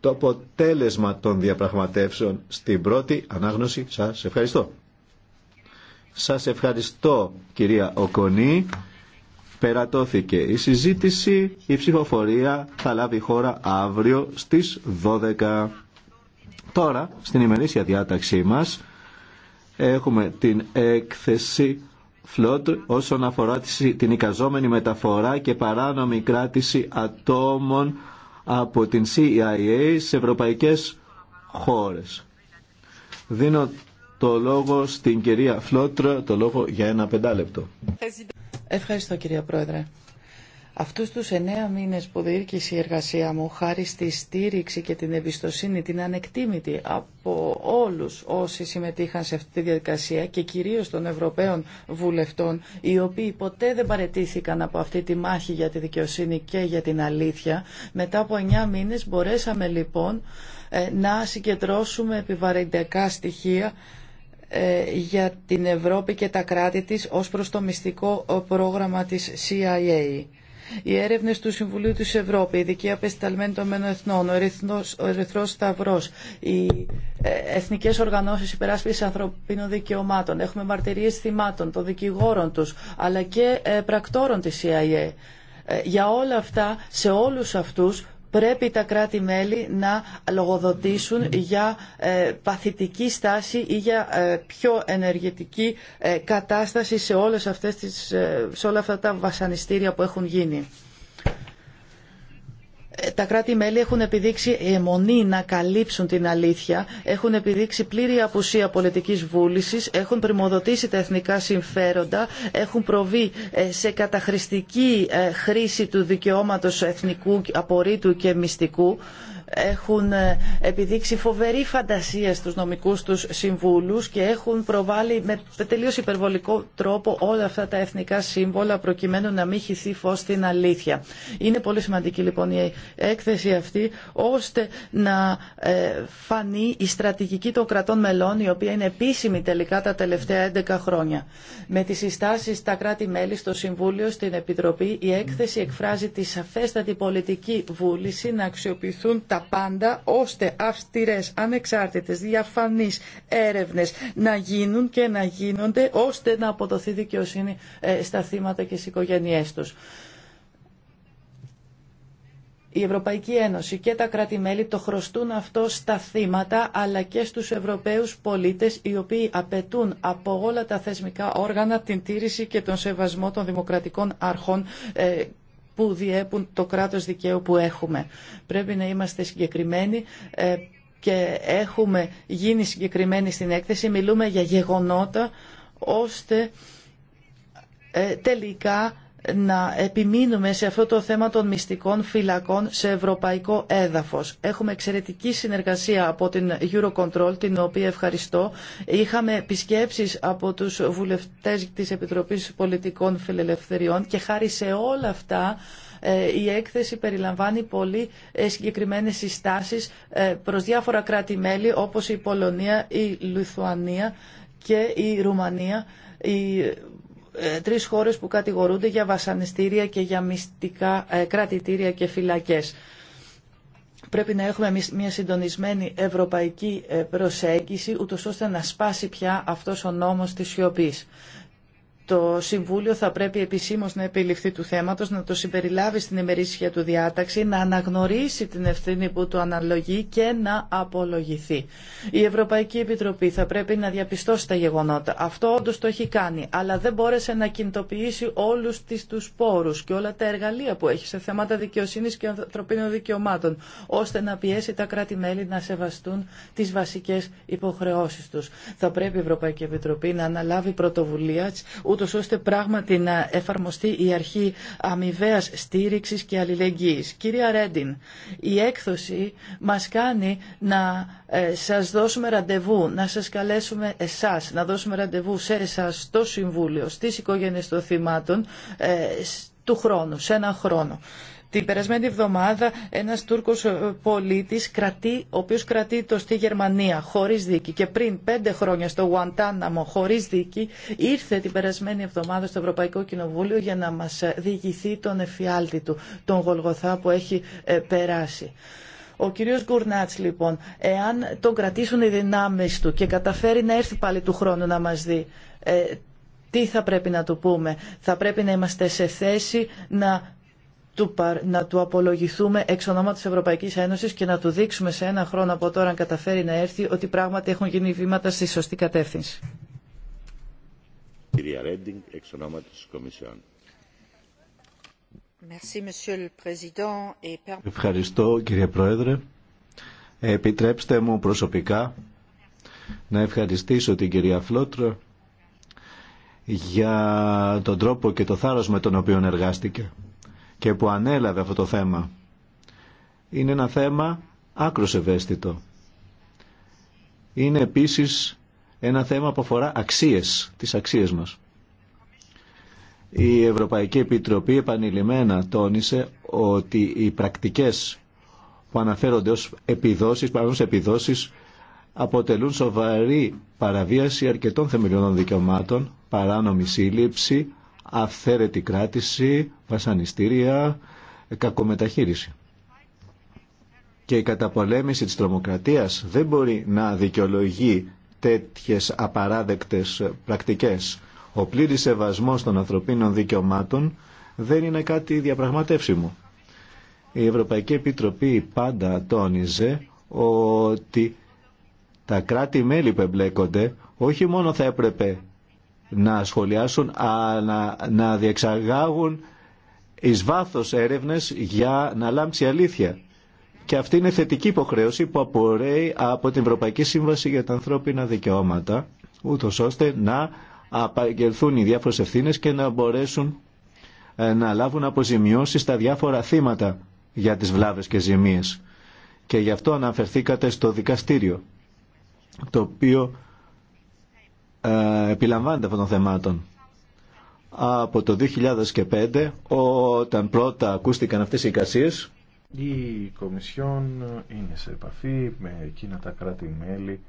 το αποτέλεσμα των διαπραγματεύσεων στην πρώτη ανάγνωση. Σας ευχαριστώ. Σας ευχαριστώ κυρία Οκονή. Περατώθηκε η συζήτηση, η ψηφοφορία θα λάβει χώρα αύριο στις 12. Τώρα, στην ημερήσια διάταξή μας, έχουμε την έκθεση Φλότ όσον αφορά την εικαζόμενη μεταφορά και παράνομη κράτηση ατόμων από την CIA σε ευρωπαϊκές χώρες. Δίνω το λόγο στην κυρία Φλότρα το λόγο για ένα πεντάλεπτο. Ευχαριστώ κυρία Πρόεδρε. Αυτούς τους εννέα μήνες που διήρκησε η εργασία μου, χάρη στη στήριξη και την εμπιστοσύνη, την ανεκτήμητη από όλους όσοι συμμετείχαν σε αυτή τη διαδικασία και κυρίως των Ευρωπαίων βουλευτών, οι οποίοι ποτέ δεν παρετήθηκαν από αυτή τη μάχη για τη δικαιοσύνη και για την αλήθεια, μετά από εννέα μήνες μπορέσαμε λοιπόν ε, να συγκεντρώσουμε επιβαρυντικά στοιχεία ε, για την Ευρώπη και τα κράτη της ως προς το μυστικό ε, πρόγραμμα της CIA. Οι έρευνε του Συμβουλίου τη Ευρώπη, η Ειδική Απεσταλμένη των Μένων Εθνών, ο Ερυθρό Σταυρό, οι ε, Εθνικέ Οργανώσει Υπεράσπιση Ανθρωπίνων Δικαιωμάτων, έχουμε μαρτυρίες θυμάτων, των δικηγόρων του, αλλά και ε, πρακτόρων τη CIA. Ε, για όλα αυτά, σε όλους αυτούς πρέπει τα κράτη-μέλη να λογοδοτήσουν για ε, παθητική στάση ή για ε, πιο ενεργητική ε, κατάσταση σε, όλες αυτές τις, σε όλα αυτά τα βασανιστήρια που έχουν γίνει τα κράτη-μέλη έχουν επιδείξει αιμονή να καλύψουν την αλήθεια, έχουν επιδείξει πλήρη απουσία πολιτικής βούλησης, έχουν πρημοδοτήσει τα εθνικά συμφέροντα, έχουν προβεί ε, σε καταχρηστική ε, χρήση του δικαιώματος εθνικού απορρίτου και μυστικού έχουν ε, επιδείξει φοβερή φαντασία στους νομικούς τους συμβούλους και έχουν προβάλει με τελείως υπερβολικό τρόπο όλα αυτά τα εθνικά σύμβολα προκειμένου να μην χυθεί φως στην αλήθεια. Είναι πολύ σημαντική λοιπόν η έκθεση αυτή ώστε να ε, φανεί η στρατηγική των κρατών μελών η οποία είναι επίσημη τελικά τα τελευταία 11 χρόνια. Με τις συστάσεις στα κράτη-μέλη, στο Συμβούλιο, στην Επιτροπή η έκθεση εκφράζει τη σαφέστατη πολιτική βούληση να αξιοποιηθούν τα πάντα ώστε αυστηρές, ανεξάρτητες, διαφανείς έρευνες να γίνουν και να γίνονται ώστε να αποδοθεί δικαιοσύνη ε, στα θύματα και στις οικογένειές τους. Η Ευρωπαϊκή Ένωση και τα κράτη-μέλη το χρωστούν αυτό στα θύματα αλλά και στους Ευρωπαίους πολίτες οι οποίοι απαιτούν από όλα τα θεσμικά όργανα την τήρηση και τον σεβασμό των δημοκρατικών αρχών ε, που διέπουν το κράτος δικαίου που έχουμε. Πρέπει να είμαστε συγκεκριμένοι ε, και έχουμε γίνει συγκεκριμένοι στην έκθεση. Μιλούμε για γεγονότα ώστε ε, τελικά να επιμείνουμε σε αυτό το θέμα των μυστικών φυλακών σε ευρωπαϊκό έδαφος. Έχουμε εξαιρετική συνεργασία από την Eurocontrol, την οποία ευχαριστώ. Είχαμε επισκέψεις από τους βουλευτές της Επιτροπής Πολιτικών Φιλελευθεριών και χάρη σε όλα αυτά ε, η έκθεση περιλαμβάνει πολύ ε, συγκεκριμένες συστάσεις ε, προς διάφορα κράτη-μέλη όπως η Πολωνία, η Λουθουανία και η Ρουμανία ε, τρεις χώρες που κατηγορούνται για βασανιστήρια και για μυστικά ε, κρατητήρια και φυλακές. Πρέπει να έχουμε μια συντονισμένη ευρωπαϊκή ε, προσέγγιση, ούτω ώστε να σπάσει πια αυτός ο νόμος της σιωπής. Το Συμβούλιο θα πρέπει επισήμω να επιληφθεί του θέματο, να το συμπεριλάβει στην ημερήσια του διάταξη, να αναγνωρίσει την ευθύνη που του αναλογεί και να απολογηθεί. Η Ευρωπαϊκή Επιτροπή θα πρέπει να διαπιστώσει τα γεγονότα. Αυτό όντω το έχει κάνει, αλλά δεν μπόρεσε να κινητοποιήσει όλου του πόρου και όλα τα εργαλεία που έχει σε θέματα δικαιοσύνη και ανθρωπίνων δικαιωμάτων, ώστε να πιέσει τα κράτη-μέλη να σεβαστούν τι βασικέ υποχρεώσει του. Θα πρέπει η Ευρωπαϊκή Επιτροπή να αναλάβει πρωτοβουλία ώστε πράγματι να εφαρμοστεί η αρχή αμοιβαία στήριξη και αλληλεγγύη. Κυρία Ρέντιν, η έκθοση μας κάνει να ε, σα δώσουμε ραντεβού, να σα καλέσουμε εσάς, να δώσουμε ραντεβού σε εσά, στο Συμβούλιο, στι οικογένειε των θυμάτων, ε, του χρόνου, σε ένα χρόνο. Την περασμένη εβδομάδα ένας Τούρκος ε, πολίτης, ο οποίος κρατεί το στη Γερμανία χωρίς δίκη και πριν πέντε χρόνια στο Γουαντάναμο χωρίς δίκη, ήρθε την περασμένη εβδομάδα στο Ευρωπαϊκό Κοινοβούλιο για να μας ε, διηγηθεί τον εφιάλτη του, τον Γολγοθά που έχει ε, περάσει. Ο κύριος Γκουρνάτς λοιπόν, εάν τον κρατήσουν οι δυνάμεις του και καταφέρει να έρθει πάλι του χρόνου να μας δει, τι θα πρέπει να του πούμε. Θα πρέπει να είμαστε σε θέση να να του απολογηθούμε εξ ονόμα Ευρωπαϊκής Ένωσης και να του δείξουμε σε ένα χρόνο από τώρα αν καταφέρει να έρθει ότι πράγματι έχουν γίνει βήματα στη σωστή κατεύθυνση. Κυρία Ευχαριστώ κύριε Πρόεδρε. Επιτρέψτε μου προσωπικά να ευχαριστήσω την κυρία Φλότρο για τον τρόπο και το θάρρος με τον οποίο εργάστηκε και που ανέλαβε αυτό το θέμα. Είναι ένα θέμα άκρο ευαίσθητο. Είναι επίσης ένα θέμα που αφορά αξίες, τις αξίες μας. Η Ευρωπαϊκή Επιτροπή επανειλημμένα τόνισε ότι οι πρακτικές που αναφέρονται ως επιδόσεις, σε επιδόσεις, αποτελούν σοβαρή παραβίαση αρκετών θεμελιωδών δικαιωμάτων, παράνομη σύλληψη, αυθαίρετη κράτηση, βασανιστήρια, κακομεταχείριση. Και η καταπολέμηση της τρομοκρατίας δεν μπορεί να δικαιολογεί τέτοιες απαράδεκτες πρακτικές. Ο πλήρης σεβασμός των ανθρωπίνων δικαιωμάτων δεν είναι κάτι διαπραγματεύσιμο. Η Ευρωπαϊκή Επιτροπή πάντα τόνιζε ότι τα κράτη-μέλη που εμπλέκονται όχι μόνο θα έπρεπε να σχολιάσουν, αλλά να διεξαγάγουν εις βάθος έρευνες για να λάμψει αλήθεια. Και αυτή είναι θετική υποχρέωση που απορρέει από την Ευρωπαϊκή Σύμβαση για τα Ανθρώπινα Δικαιώματα, ούτω ώστε να απαγγελθούν οι διάφορες ευθύνες και να μπορέσουν ε, να λάβουν αποζημιώσεις στα διάφορα θύματα για τις βλάβες και ζημίες. Και γι' αυτό αναφερθήκατε στο δικαστήριο, το οποίο ε, επιλαμβάνεται αυτών των θεμάτων. Από το 2005, όταν πρώτα ακούστηκαν αυτές οι εικασίες, η Κομισιόν είναι σε επαφή με εκείνα τα κράτη-μέλη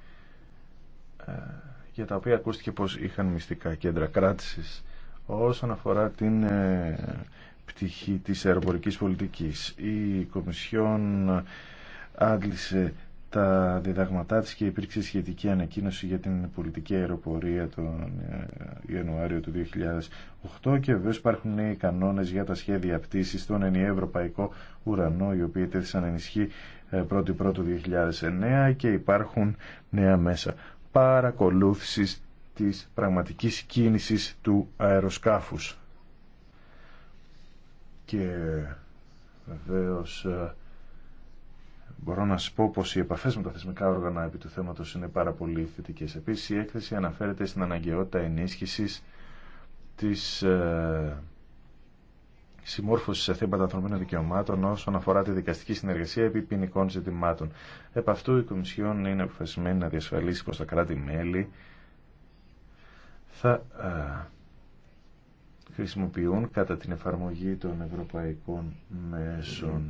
ε, για τα οποία ακούστηκε πως είχαν μυστικά κέντρα κράτησης όσον αφορά την ε, πτυχή της αεροπορικής πολιτικής. Η Κομισιόν άντλησε τα διδαγματά της και υπήρξε σχετική ανακοίνωση για την πολιτική αεροπορία τον ε, Ιανουάριο του 2008 και βεβαίως υπάρχουν νέοι κανόνες για τα σχέδια πτήσης στον ενιαίο ουρανό οι οποίοι τέθησαν ενισχύ 1η 2009 και υπάρχουν νέα μέσα παρακολούθησης της πραγματικής κίνησης του αεροσκάφους και βεβαίως ε, Μπορώ να σα πω πω οι επαφέ με τα θεσμικά όργανα επί του θέματος είναι πάρα πολύ θετικέ. Επίσης η έκθεση αναφέρεται στην αναγκαιότητα ενίσχυσης της ε, συμμόρφωσης σε θέματα ανθρωπίνων δικαιωμάτων όσον αφορά τη δικαστική συνεργασία επί ποινικών ζητημάτων. Επ' αυτού η Κομισιόν είναι αποφασισμένη να διασφαλίσει πω τα κράτη-μέλη θα ε, χρησιμοποιούν κατά την εφαρμογή των ευρωπαϊκών μέσων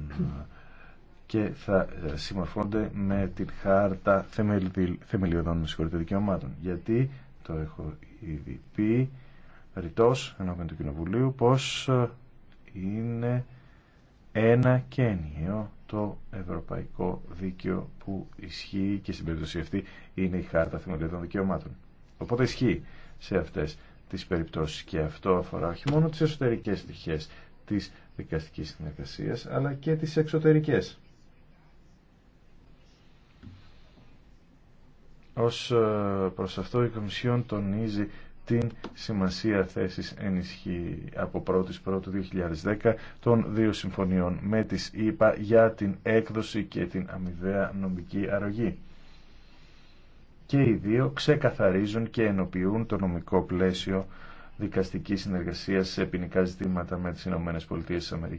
και θα ε, συμμορφώνται με την χάρτα θεμελιωδών συγχωρείτε δικαιωμάτων. Γιατί, το έχω ήδη πει, ρητός ενώπιον του Κοινοβουλίου, πως ε, είναι ένα και το ευρωπαϊκό δίκαιο που ισχύει και στην περίπτωση αυτή είναι η χάρτα θεμελιωδών δικαιωμάτων. Οπότε ισχύει σε αυτές τις περιπτώσεις και αυτό αφορά όχι μόνο τις εσωτερικές στοιχές της δικαστικής συνεργασία, αλλά και τις εξωτερικές. Ως ε, προς αυτό η Κομισιόν τονίζει την σημασία ενισχύ ενισχύει από 1η Πρώτου 2010 των δύο συμφωνιών με τις ΗΠΑ για την έκδοση και την αμοιβαία νομική αρρωγή. Και οι δύο ξεκαθαρίζουν και ενοποιούν το νομικό πλαίσιο δικαστικής συνεργασίας σε ποινικά ζητήματα με τις ΗΠΑ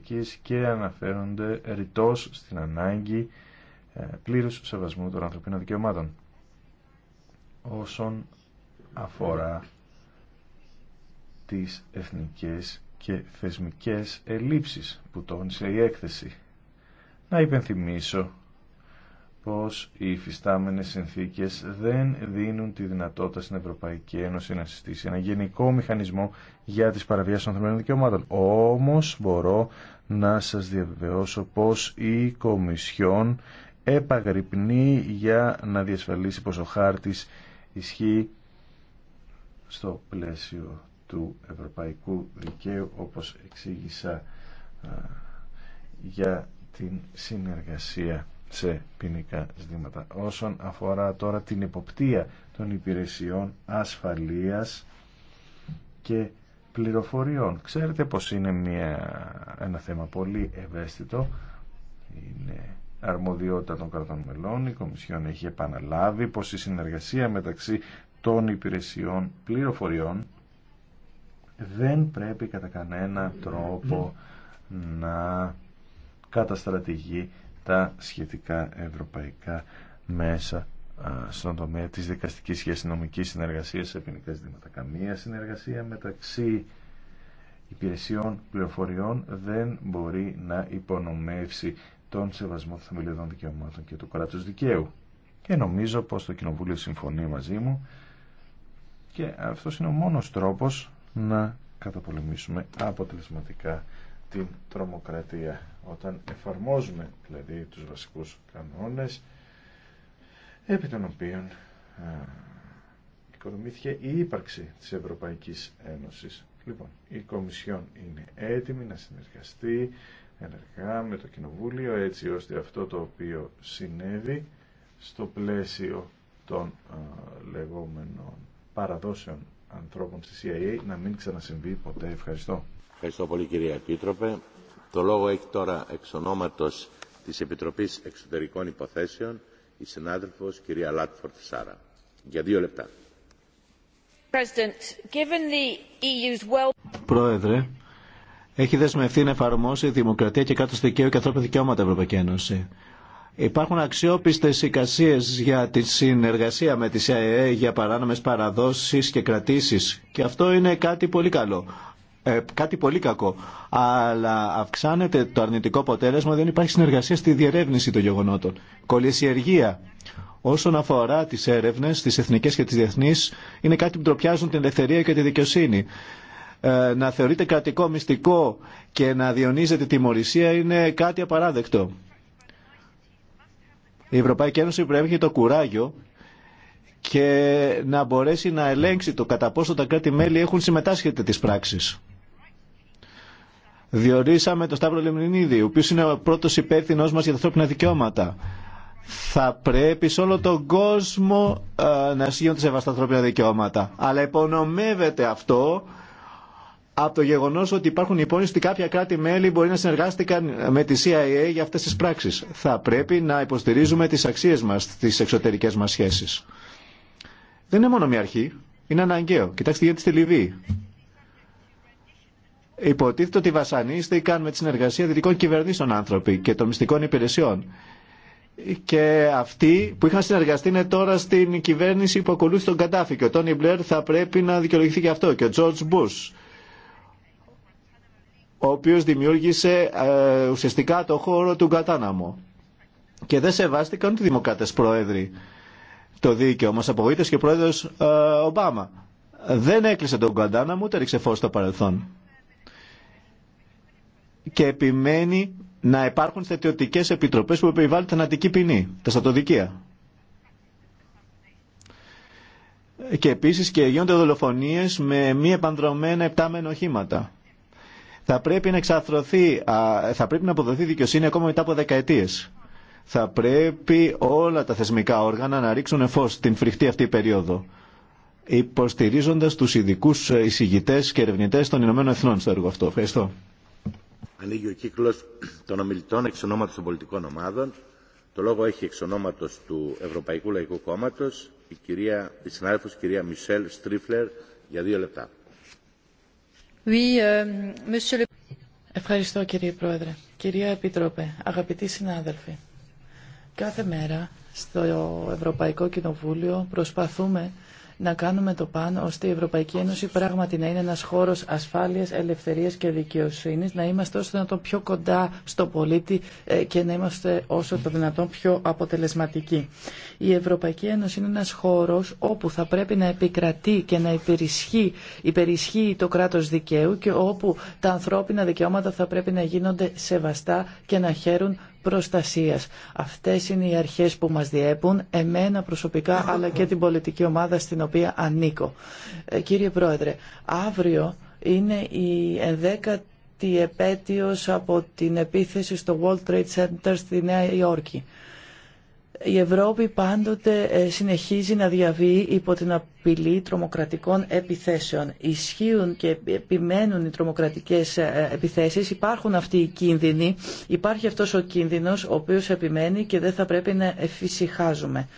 και αναφέρονται ρητός στην ανάγκη ε, πλήρους σεβασμού των ανθρωπίνων δικαιωμάτων όσον αφορά τις εθνικές και θεσμικές ελλείψεις που τόνισε η έκθεση. Να υπενθυμίσω πως οι υφιστάμενες συνθήκες δεν δίνουν τη δυνατότητα στην Ευρωπαϊκή Ένωση να συστήσει ένα γενικό μηχανισμό για τις παραβιάσεις των θεμελιών δικαιωμάτων. Όμως μπορώ να σας διαβεβαιώσω πως η Κομισιόν επαγρυπνεί για να διασφαλίσει πως ο χάρτης ισχύει στο πλαίσιο του ευρωπαϊκού δικαίου όπως εξήγησα για την συνεργασία σε ποινικά ζητήματα. Όσον αφορά τώρα την υποπτία των υπηρεσιών ασφαλείας και πληροφοριών. Ξέρετε πως είναι μια, ένα θέμα πολύ ευαίσθητο. Είναι αρμοδιότητα των κρατών μελών. Η Κομισιόν έχει επαναλάβει πως η συνεργασία μεταξύ των υπηρεσιών πληροφοριών δεν πρέπει κατά κανένα τρόπο να καταστρατηγεί τα σχετικά ευρωπαϊκά μέσα στον τομέα της δικαστικής και αστυνομικής συνεργασίας σε ποινικά δήματα. Καμία συνεργασία μεταξύ υπηρεσιών πληροφοριών δεν μπορεί να υπονομεύσει τον σεβασμό των θεμελιωδών δικαιωμάτων και του κράτου δικαίου. Και νομίζω πως το Κοινοβούλιο συμφωνεί μαζί μου και αυτό είναι ο μόνος τρόπος να καταπολεμήσουμε αποτελεσματικά την τρομοκρατία. Όταν εφαρμόζουμε δηλαδή τους βασικούς κανόνες επί των οποίων οικονομήθηκε η ύπαρξη της Ευρωπαϊκής Ένωσης. Λοιπόν, η Κομισιόν είναι έτοιμη να συνεργαστεί ενεργά με το Κοινοβούλιο έτσι ώστε αυτό το οποίο συνέβη στο πλαίσιο των λεγόμενων παραδόσεων ανθρώπων στη CIA να μην ξανασυμβεί ποτέ. Ευχαριστώ. Ευχαριστώ πολύ κυρία Επίτροπε. Το λόγο έχει τώρα εξ ονόματος της Επιτροπής Εξωτερικών Υποθέσεων η συνάδελφος κυρία Λάτφορτ Σάρα. Για δύο λεπτά. E Πρόεδρε, έχει δεσμευτεί να εφαρμόσει δημοκρατία και κάτω δικαίου και ανθρώπινα δικαιώματα Ευρωπαϊκή Ένωση. Υπάρχουν αξιόπιστες εικασίες για τη συνεργασία με τη ΑΕΕ για παράνομες παραδόσεις και κρατήσεις και αυτό είναι κάτι πολύ καλό. Ε, κάτι πολύ κακό. Αλλά αυξάνεται το αρνητικό αποτέλεσμα, δεν υπάρχει συνεργασία στη διερεύνηση των γεγονότων. Κολυσιεργία όσον αφορά τι έρευνε, τι εθνικέ και τι διεθνεί, είναι κάτι που ντροπιάζουν την ελευθερία και τη δικαιοσύνη. Ε, να θεωρείται κρατικό μυστικό και να διονύζεται τιμωρησία είναι κάτι απαράδεκτο. Η Ευρωπαϊκή Ένωση πρέπει να έχει το κουράγιο και να μπορέσει να ελέγξει το κατά πόσο τα κράτη-μέλη έχουν συμμετάσχει τις πράξεις. Διορίσαμε τον Σταύρο Λεμνινίδη, ο οποίος είναι ο πρώτος υπεύθυνός μας για τα ανθρώπινα δικαιώματα θα πρέπει σε όλο τον κόσμο ε, να γίνονται σεβαστά ανθρώπινα δικαιώματα. Αλλά υπονομεύεται αυτό από το γεγονός ότι υπάρχουν υπόνοιες ότι κάποια κράτη-μέλη μπορεί να συνεργάστηκαν με τη CIA για αυτές τις πράξεις. Θα πρέπει να υποστηρίζουμε τις αξίες μας, τις εξωτερικές μας σχέσεις. Δεν είναι μόνο μια αρχή, είναι αναγκαίο. Κοιτάξτε γιατί στη Λιβύη. Υποτίθεται ότι βασανίστηκαν με τη συνεργασία δυτικών κυβερνήσεων άνθρωποι και των μυστικών υπηρεσιών και αυτοί που είχαν συνεργαστεί είναι τώρα στην κυβέρνηση που ακολούθησε τον Καντάφη και ο Τόνι Μπλερ θα πρέπει να δικαιολογηθεί και αυτό και ο Τζορτζ Μπούς ο οποίος δημιούργησε ε, ουσιαστικά το χώρο του κατάναμου και δεν σεβάστηκαν ούτε οι δημοκράτες πρόεδροι το δίκαιο μας απογοήτευσε και ο πρόεδρος ε, Ομπάμα δεν έκλεισε τον Κατάναμο ούτε ρίξε φως στο παρελθόν και επιμένει να υπάρχουν στρατιωτικές επιτροπές που επιβάλλουν θανατική ποινή, τα στατοδικεία. Και επίσης και γίνονται δολοφονίες με μη επανδρομένα επτάμενα οχήματα. Θα πρέπει να α, θα πρέπει να αποδοθεί δικαιοσύνη ακόμα μετά από δεκαετίες. Θα πρέπει όλα τα θεσμικά όργανα να ρίξουν φως στην φρικτή αυτή περίοδο υποστηρίζοντας τους ειδικούς ε, εισηγητές και ερευνητές των Ηνωμένων Εθνών στο έργο αυτό. Ευχαριστώ. Ανοίγει ο κύκλος των ομιλητών εξ ονόματος των πολιτικών ομάδων. Το λόγο έχει εξ ονόματος του Ευρωπαϊκού Λαϊκού Κόμματος η, κυρία, η συνάδελφος κυρία Μισελ Στρίφλερ για δύο λεπτά. Euh, Ευχαριστώ κύριε Πρόεδρε. Κυρία Επιτρόπε, αγαπητοί συνάδελφοι. Κάθε μέρα στο Ευρωπαϊκό Κοινοβούλιο προσπαθούμε να κάνουμε το πάνω ώστε η Ευρωπαϊκή Ένωση πράγματι να είναι ένας χώρος ασφάλειας, ελευθερίας και δικαιοσύνης, να είμαστε όσο δυνατόν πιο κοντά στο πολίτη ε, και να είμαστε όσο το δυνατόν πιο αποτελεσματικοί η Ευρωπαϊκή Ένωση είναι ένας χώρος όπου θα πρέπει να επικρατεί και να υπερισχύει, υπερισχύει το κράτος δικαίου και όπου τα ανθρώπινα δικαιώματα θα πρέπει να γίνονται σεβαστά και να χαίρουν προστασίας. Αυτές είναι οι αρχές που μας διέπουν, εμένα προσωπικά αλλά και την πολιτική ομάδα στην οποία ανήκω. Ε, κύριε Πρόεδρε, αύριο είναι η δέκατη η επέτειος από την επίθεση στο World Trade Center στη Νέα Υόρκη η Ευρώπη πάντοτε ε, συνεχίζει να διαβεί υπό την απειλή τρομοκρατικών επιθέσεων. Ισχύουν και επιμένουν οι τρομοκρατικές ε, επιθέσεις, υπάρχουν αυτοί οι κίνδυνοι, υπάρχει αυτός ο κίνδυνος ο οποίος επιμένει και δεν θα πρέπει να εφησυχάζουμε.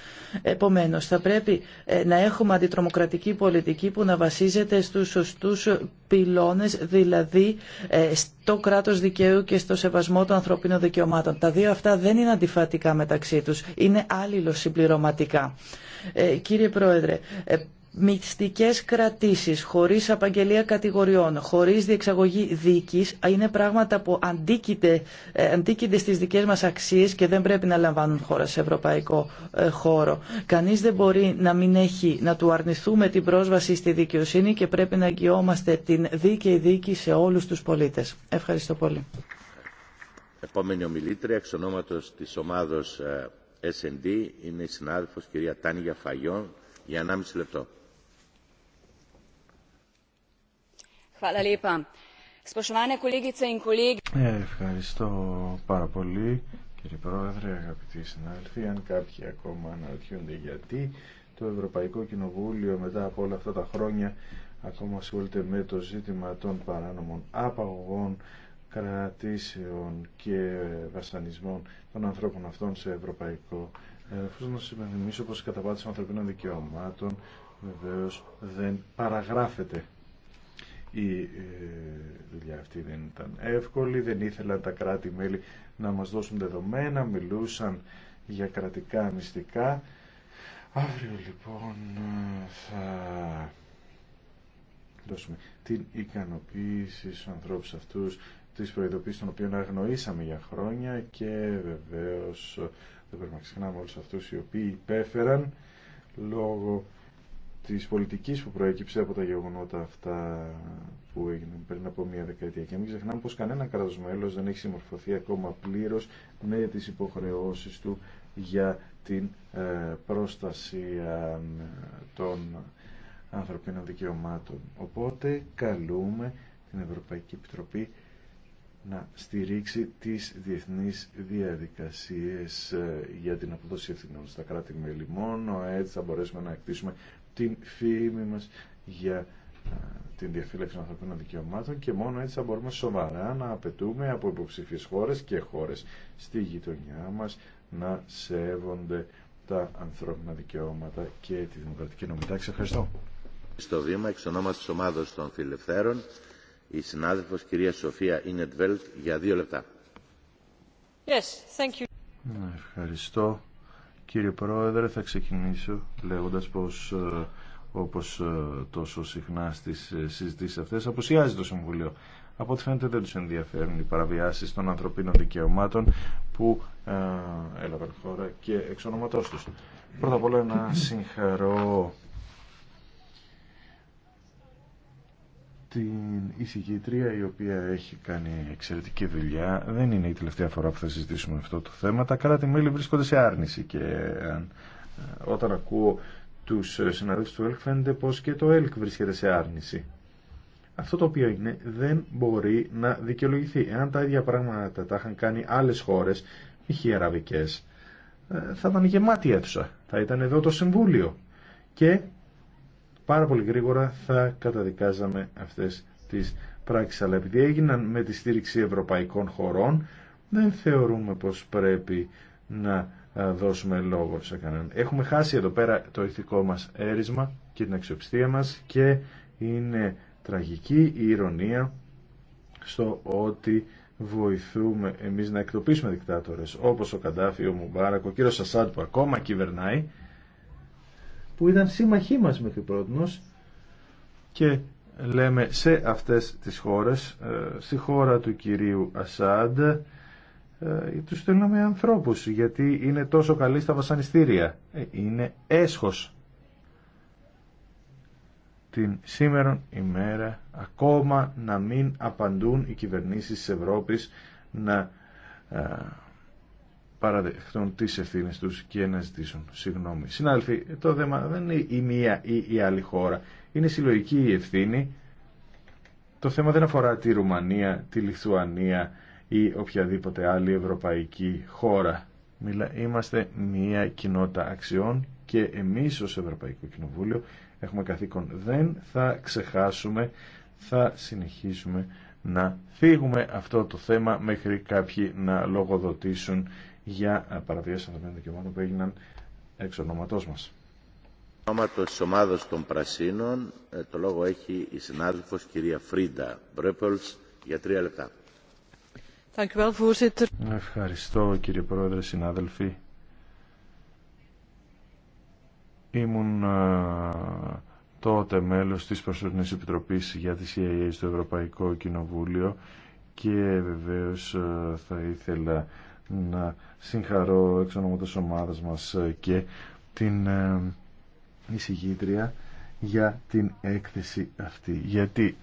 Επομένως, θα πρέπει ε, να έχουμε αντιτρομοκρατική πολιτική που να βασίζεται στους σωστούς πυλώνες, δηλαδή ε, στο κράτος δικαίου και στο σεβασμό των ανθρωπίνων δικαιωμάτων. Τα δύο αυτά δεν είναι αντιφατικά μεταξύ τους, είναι άλληλο συμπληρωματικά. Ε, κύριε Πρόεδρε, ε, μυστικές κρατήσεις χωρίς απαγγελία κατηγοριών, χωρίς διεξαγωγή δίκης είναι πράγματα που αντίκειται, ε, αντίκειται στις δικές μας αξίες και δεν πρέπει να λαμβάνουν χώρα σε ευρωπαϊκό χώρο. Κανείς δεν μπορεί να μην έχει, να του αρνηθούμε την πρόσβαση στη δικαιοσύνη και πρέπει να εγγυόμαστε την δίκαιη δίκη σε όλους τους πολίτες. Ευχαριστώ πολύ. Επόμενη ομιλήτρια εξ ονόματος της ομάδος είναι η συνάδελφος κυρία Τάνια Φαγιόν για 1,5 λεπτό. Ε, ευχαριστώ πάρα πολύ κύριε Πρόεδρε, αγαπητοί συνάδελφοι. Αν κάποιοι ακόμα αναρωτιούνται γιατί το Ευρωπαϊκό Κοινοβούλιο μετά από όλα αυτά τα χρόνια ακόμα ασχολείται με το ζήτημα των παράνομων απαγωγών κρατήσεων και βασανισμών των ανθρώπων αυτών σε ευρωπαϊκό εφόσον Να σας υπενθυμίσω πως η καταπάτηση των ανθρωπίνων δικαιωμάτων βεβαίως δεν παραγράφεται. Η ε, δουλειά αυτή δεν ήταν εύκολη, δεν ήθελαν τα κράτη-μέλη να μας δώσουν δεδομένα, μιλούσαν για κρατικά μυστικά. Αύριο λοιπόν θα δώσουμε την ικανοποίηση στους ανθρώπους αυτούς της προειδοποίησης των οποίων αγνοήσαμε για χρόνια και βεβαίως δεν πρέπει να ξεχνάμε όλους αυτούς οι οποίοι υπέφεραν λόγω της πολιτικής που προέκυψε από τα γεγονότα αυτά που έγιναν πριν από μία δεκαετία. Και μην ξεχνάμε πως κανένα κράτος μέλος δεν έχει συμμορφωθεί ακόμα πλήρως με τις υποχρεώσεις του για την ε, πρόστασία των ανθρωπίνων δικαιωμάτων. Οπότε καλούμε την Ευρωπαϊκή Επιτροπή να στηρίξει τις διεθνείς διαδικασίες ε, για την αποδόση ευθυνών στα κράτη-μέλη μόνο. Έτσι θα μπορέσουμε να εκτίσουμε την φήμη μας για ε, την διαφύλαξη των ανθρωπίνων δικαιωμάτων και μόνο έτσι θα μπορούμε σοβαρά να απαιτούμε από υποψηφίες χώρες και χώρες στη γειτονιά μας να σέβονται τα ανθρώπινα δικαιώματα και τη δημοκρατική νομιτάξη. Ευχαριστώ. Στο βήμα εξ της των η συνάδελφος κυρία Σοφία Ινετβέλτ για δύο λεπτά. Yes, thank you. Ευχαριστώ. Κύριε Πρόεδρε, θα ξεκινήσω λέγοντας πως ε, όπως ε, τόσο συχνά στις ε, συζητήσεις αυτές αποσιάζει το Συμβουλίο. Από ό,τι φαίνεται δεν τους ενδιαφέρουν οι παραβιάσεις των ανθρωπίνων δικαιωμάτων που έλαβαν χώρα και εξ ονοματός τους. Πρώτα απ' όλα να συγχαρώ την εισηγήτρια η οποία έχει κάνει εξαιρετική δουλειά. Δεν είναι η τελευταία φορά που θα συζητήσουμε αυτό το θέμα. Τα κράτη-μέλη βρίσκονται σε άρνηση και ε, όταν ακούω τους συναδέλφους του ΕΛΚ φαίνεται πως και το ΕΛΚ βρίσκεται σε άρνηση. Αυτό το οποίο είναι δεν μπορεί να δικαιολογηθεί. Εάν τα ίδια πράγματα τα είχαν κάνει άλλες χώρες, π.χ. αραβικές, ε, θα ήταν γεμάτη αίθουσα. Θα ήταν εδώ το Συμβούλιο. Και πάρα πολύ γρήγορα θα καταδικάζαμε αυτές τις πράξεις. Αλλά επειδή έγιναν με τη στήριξη ευρωπαϊκών χωρών, δεν θεωρούμε πως πρέπει να δώσουμε λόγο σε κανέναν. Έχουμε χάσει εδώ πέρα το ηθικό μας έρισμα και την αξιοπιστία μας και είναι τραγική η ηρωνία στο ότι βοηθούμε εμείς να εκτοπίσουμε δικτάτορες όπως ο Καντάφη, ο Μουμπάρακ, ο κύριος Ασάντ που ακόμα κυβερνάει που ήταν σύμμαχοί μας μέχρι πρότινος και λέμε σε αυτές τις χώρες, ε, στη χώρα του κυρίου Ασάντ, ε, τους στέλνουμε ανθρώπους γιατί είναι τόσο καλή στα βασανιστήρια. Ε, είναι έσχος την σήμερα ημέρα ακόμα να μην απαντούν οι κυβερνήσεις της Ευρώπης να παραδεχτούν τις ευθύνες τους και να ζητήσουν συγγνώμη. Συνάδελφοι, το θέμα δεν είναι η μία ή η άλλη χώρα. Είναι συλλογική η ευθύνη. Το θέμα δεν αφορά τη Ρουμανία, τη Λιθουανία ή οποιαδήποτε άλλη ευρωπαϊκή χώρα. Είμαστε μία κοινότητα αξιών και εμείς ως Ευρωπαϊκό Κοινοβούλιο έχουμε καθήκον. Δεν θα ξεχάσουμε, θα συνεχίσουμε να φύγουμε αυτό το θέμα μέχρι κάποιοι να λογοδοτήσουν για ε, παραβίαση ανθρωπίνων δικαιωμάτων που έγιναν εξ ονόματός μας. όνομα της ομάδας των Πρασίνων, ε, το λόγο έχει η συνάδελφος κυρία Φρίντα Μπρέπελς για τρία λεπτά. Ευχαριστώ κύριε Πρόεδρε, συνάδελφοι. Ήμουν ε, τότε μέλος της Προσωρινής Επιτροπής για τη CIA στο Ευρωπαϊκό Κοινοβούλιο και βεβαίως θα ήθελα να συγχαρώ εξ ονόματος ομάδας μας ε, και την ε, εισηγήτρια για την έκθεση αυτή. Γιατί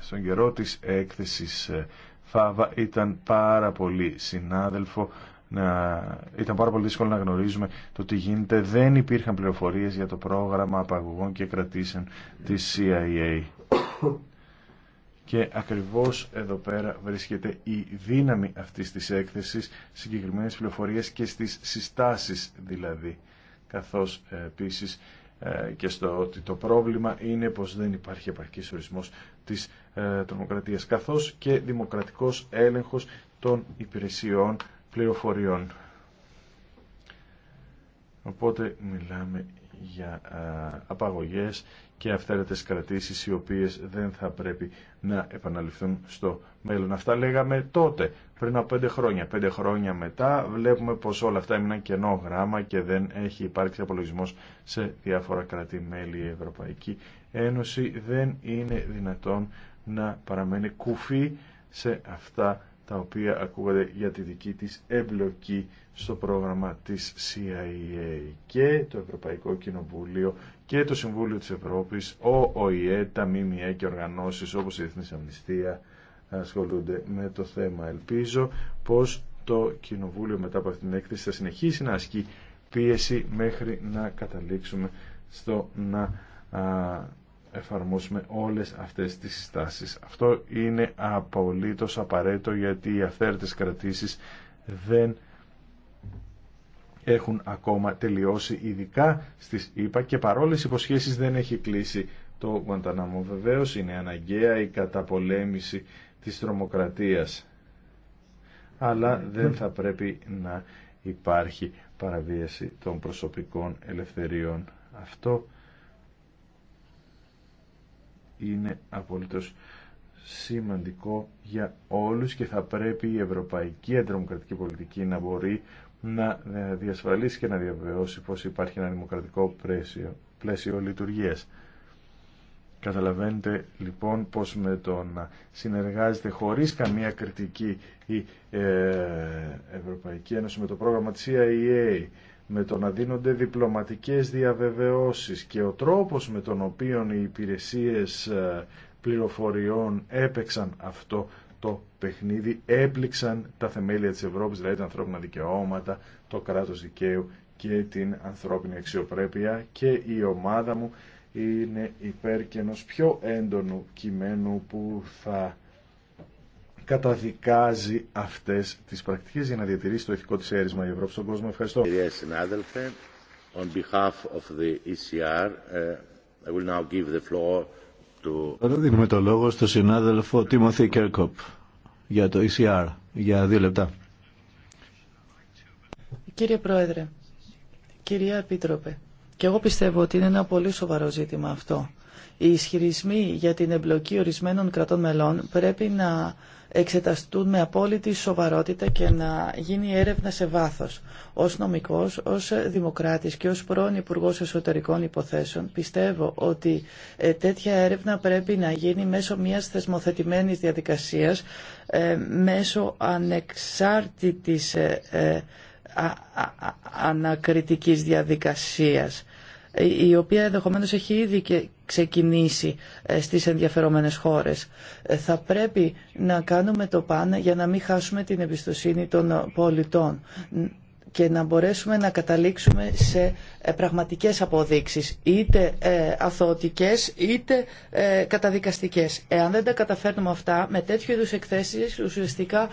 στον καιρό της έκθεσης ε, Φάβα ήταν πάρα πολύ συνάδελφο να... ήταν πάρα πολύ δύσκολο να γνωρίζουμε το τι γίνεται. Δεν υπήρχαν πληροφορίες για το πρόγραμμα απαγωγών και κρατήσεων της CIA. Και ακριβώς εδώ πέρα βρίσκεται η δύναμη αυτής της έκθεσης, συγκεκριμένες πληροφορίες και στις συστάσεις δηλαδή. Καθώς ε, επίσης ε, και στο ότι το πρόβλημα είναι πως δεν υπάρχει επαρκής ορισμός της ε, τρομοκρατίας, καθώς και δημοκρατικός έλεγχος των υπηρεσιών πληροφοριών. Οπότε μιλάμε για απαγωγές και αυθαίρετες κρατήσεις οι οποίες δεν θα πρέπει να επαναληφθούν στο μέλλον. Αυτά λέγαμε τότε, πριν από πέντε χρόνια. Πέντε χρόνια μετά βλέπουμε πως όλα αυτά έμειναν κενό γράμμα και δεν έχει υπάρξει απολογισμό σε διάφορα κράτη-μέλη. Η Ευρωπαϊκή Ένωση δεν είναι δυνατόν να παραμένει κουφή σε αυτά τα οποία ακούγονται για τη δική της εμπλοκή στο πρόγραμμα της CIA και το Ευρωπαϊκό Κοινοβούλιο και το Συμβούλιο της Ευρώπης, ο ΟΗΕ, τα ΜΜΕ και οργανώσεις όπως η Εθνική Αμνηστία ασχολούνται με το θέμα. Ελπίζω πως το Κοινοβούλιο μετά από αυτήν την έκθεση θα συνεχίσει να ασκεί πίεση μέχρι να καταλήξουμε στο να εφαρμόσουμε όλες αυτές τις συστάσεις. Αυτό είναι απολύτως απαραίτητο γιατί οι αυθαίρετες κρατήσεις δεν έχουν ακόμα τελειώσει, ειδικά στις ΗΠΑ και παρόλες υποσχέσεις δεν έχει κλείσει το Γουανταναμό. Βεβαίω είναι αναγκαία η καταπολέμηση της τρομοκρατίας, αλλά δεν θα πρέπει να υπάρχει παραβίαση των προσωπικών ελευθεριών. Αυτό είναι απολύτως σημαντικό για όλους και θα πρέπει η ευρωπαϊκή αντιδρομοκρατική πολιτική να μπορεί να ε, διασφαλίσει και να διαβεβαιώσει πως υπάρχει ένα δημοκρατικό πλαίσιο, πλαίσιο λειτουργίας. Καταλαβαίνετε λοιπόν πως με το να συνεργάζεται χωρίς καμία κριτική η ε, Ευρωπαϊκή Ένωση με το πρόγραμμα της CIA, με το να δίνονται διπλωματικές διαβεβαιώσεις και ο τρόπος με τον οποίο οι υπηρεσίες ε, πληροφοριών έπαιξαν αυτό το παιχνίδι, έπληξαν τα θεμέλια της Ευρώπης, δηλαδή τα ανθρώπινα δικαιώματα, το κράτος δικαίου και την ανθρώπινη αξιοπρέπεια και η ομάδα μου είναι υπέρ και ενός πιο έντονου κειμένου που θα καταδικάζει αυτές τις πρακτικές για να διατηρήσει το ηθικό της αίρισμα η Ευρώπη στον κόσμο. Ευχαριστώ. συνάδελφε, on behalf of the ECR, ε, I will now give the floor του... Τώρα δίνουμε το λόγο στον συνάδελφο Τίμωθη Κέρκοπ για το ECR για δύο λεπτά. Κύριε Πρόεδρε, κυρία Επίτροπε, και εγώ πιστεύω ότι είναι ένα πολύ σοβαρό ζήτημα αυτό. Οι ισχυρισμοί για την εμπλοκή ορισμένων κρατών μελών πρέπει να εξεταστούν με απόλυτη σοβαρότητα και να γίνει έρευνα σε βάθος. Ως νομικός, ως δημοκράτης και ως πρώην Υπουργός Εσωτερικών Υποθέσεων πιστεύω ότι ε, τέτοια έρευνα πρέπει να γίνει μέσω μιας θεσμοθετημένης διαδικασίας, ε, μέσω ανεξάρτητης ε, ανακριτικής διαδικασίας η οποία ενδεχομένω έχει ήδη και ξεκινήσει ε, στις ενδιαφερόμενες χώρες. Ε, θα πρέπει να κάνουμε το πάνε για να μην χάσουμε την εμπιστοσύνη των πολιτών και να μπορέσουμε να καταλήξουμε σε ε, πραγματικές αποδείξεις, είτε αθωωτικές είτε καταδικαστικές. Εάν δεν τα καταφέρνουμε αυτά, με τέτοιου είδους εκθέσεις ουσιαστικά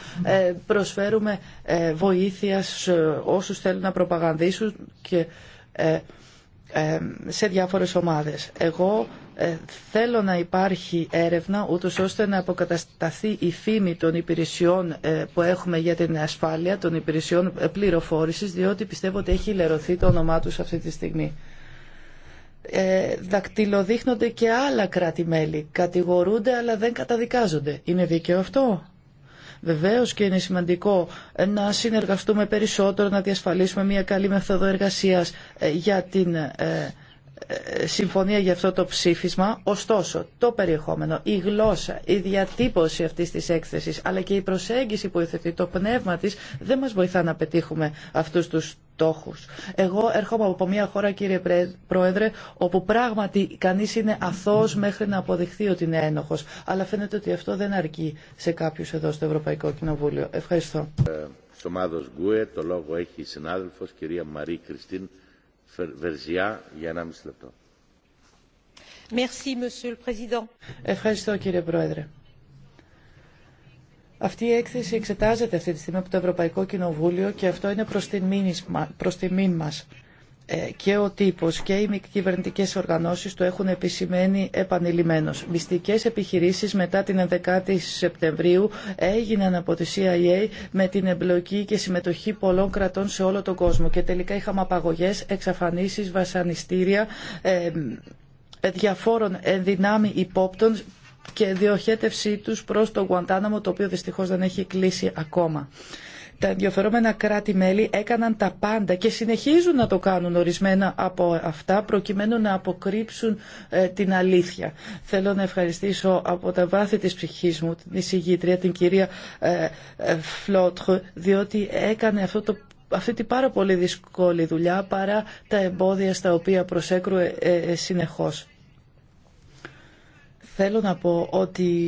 προσφέρουμε βοήθεια σε όσους θέλουν να προπαγανδίσουν και ε, σε διάφορες ομάδες. Εγώ ε, θέλω να υπάρχει έρευνα ούτως ώστε να αποκατασταθεί η φήμη των υπηρεσιών ε, που έχουμε για την ασφάλεια, των υπηρεσιών πληροφόρησης, διότι πιστεύω ότι έχει λερωθεί το όνομά τους αυτή τη στιγμή. δακτυλοδείχνονται και άλλα κράτη-μέλη. Κατηγορούνται αλλά δεν καταδικάζονται. Είναι δίκαιο αυτό. Βεβαίω και είναι σημαντικό να συνεργαστούμε περισσότερο, να διασφαλίσουμε μια καλή μεθοδό εργασία ε, για την ε, ε, συμφωνία για αυτό το ψήφισμα. Ωστόσο, το περιεχόμενο, η γλώσσα, η διατύπωση αυτή τη έκθεση, αλλά και η προσέγγιση που υιοθετεί το πνεύμα τη δεν μας βοηθά να πετύχουμε αυτούς τους στόχους. Εγώ έρχομαι από μια χώρα, κύριε Πρόεδρε, όπου πράγματι κανείς είναι αθώος μέχρι να αποδειχθεί ότι είναι ένοχος. Αλλά φαίνεται ότι αυτό δεν αρκεί σε κάποιους εδώ στο Ευρωπαϊκό Κοινοβούλιο. Ευχαριστώ. Ε, Γκουε, το λόγο έχει κυρία Ευχαριστώ κύριε Πρόεδρε. Αυτή η έκθεση εξετάζεται αυτή τη στιγμή από το Ευρωπαϊκό Κοινοβούλιο και αυτό είναι προς τιμήν μας. Ε, και ο τύπος και οι μη κυβερνητικέ οργανώσεις το έχουν επισημαίνει επανειλημμένος. Μυστικές επιχειρήσεις μετά την 11η Σεπτεμβρίου έγιναν από τη CIA με την εμπλοκή και συμμετοχή πολλών κρατών σε όλο τον κόσμο και τελικά είχαμε απαγωγές, εξαφανίσεις, βασανιστήρια ε, διαφόρων ενδυνάμει υπόπτων και διοχέτευσή τους προς το Γουαντάναμο το οποίο δυστυχώς δεν έχει κλείσει ακόμα. Τα ενδιαφερόμενα κράτη-μέλη έκαναν τα πάντα και συνεχίζουν να το κάνουν ορισμένα από αυτά προκειμένου να αποκρύψουν ε, την αλήθεια. Θέλω να ευχαριστήσω από τα βάθη της ψυχής μου την εισηγήτρια, την κυρία ε, ε, Φλότχο διότι έκανε αυτό το αυτή τη πάρα πολύ δύσκολη δουλειά παρά τα εμπόδια στα οποία προσέκρουε συνεχώς. Θέλω να πω ότι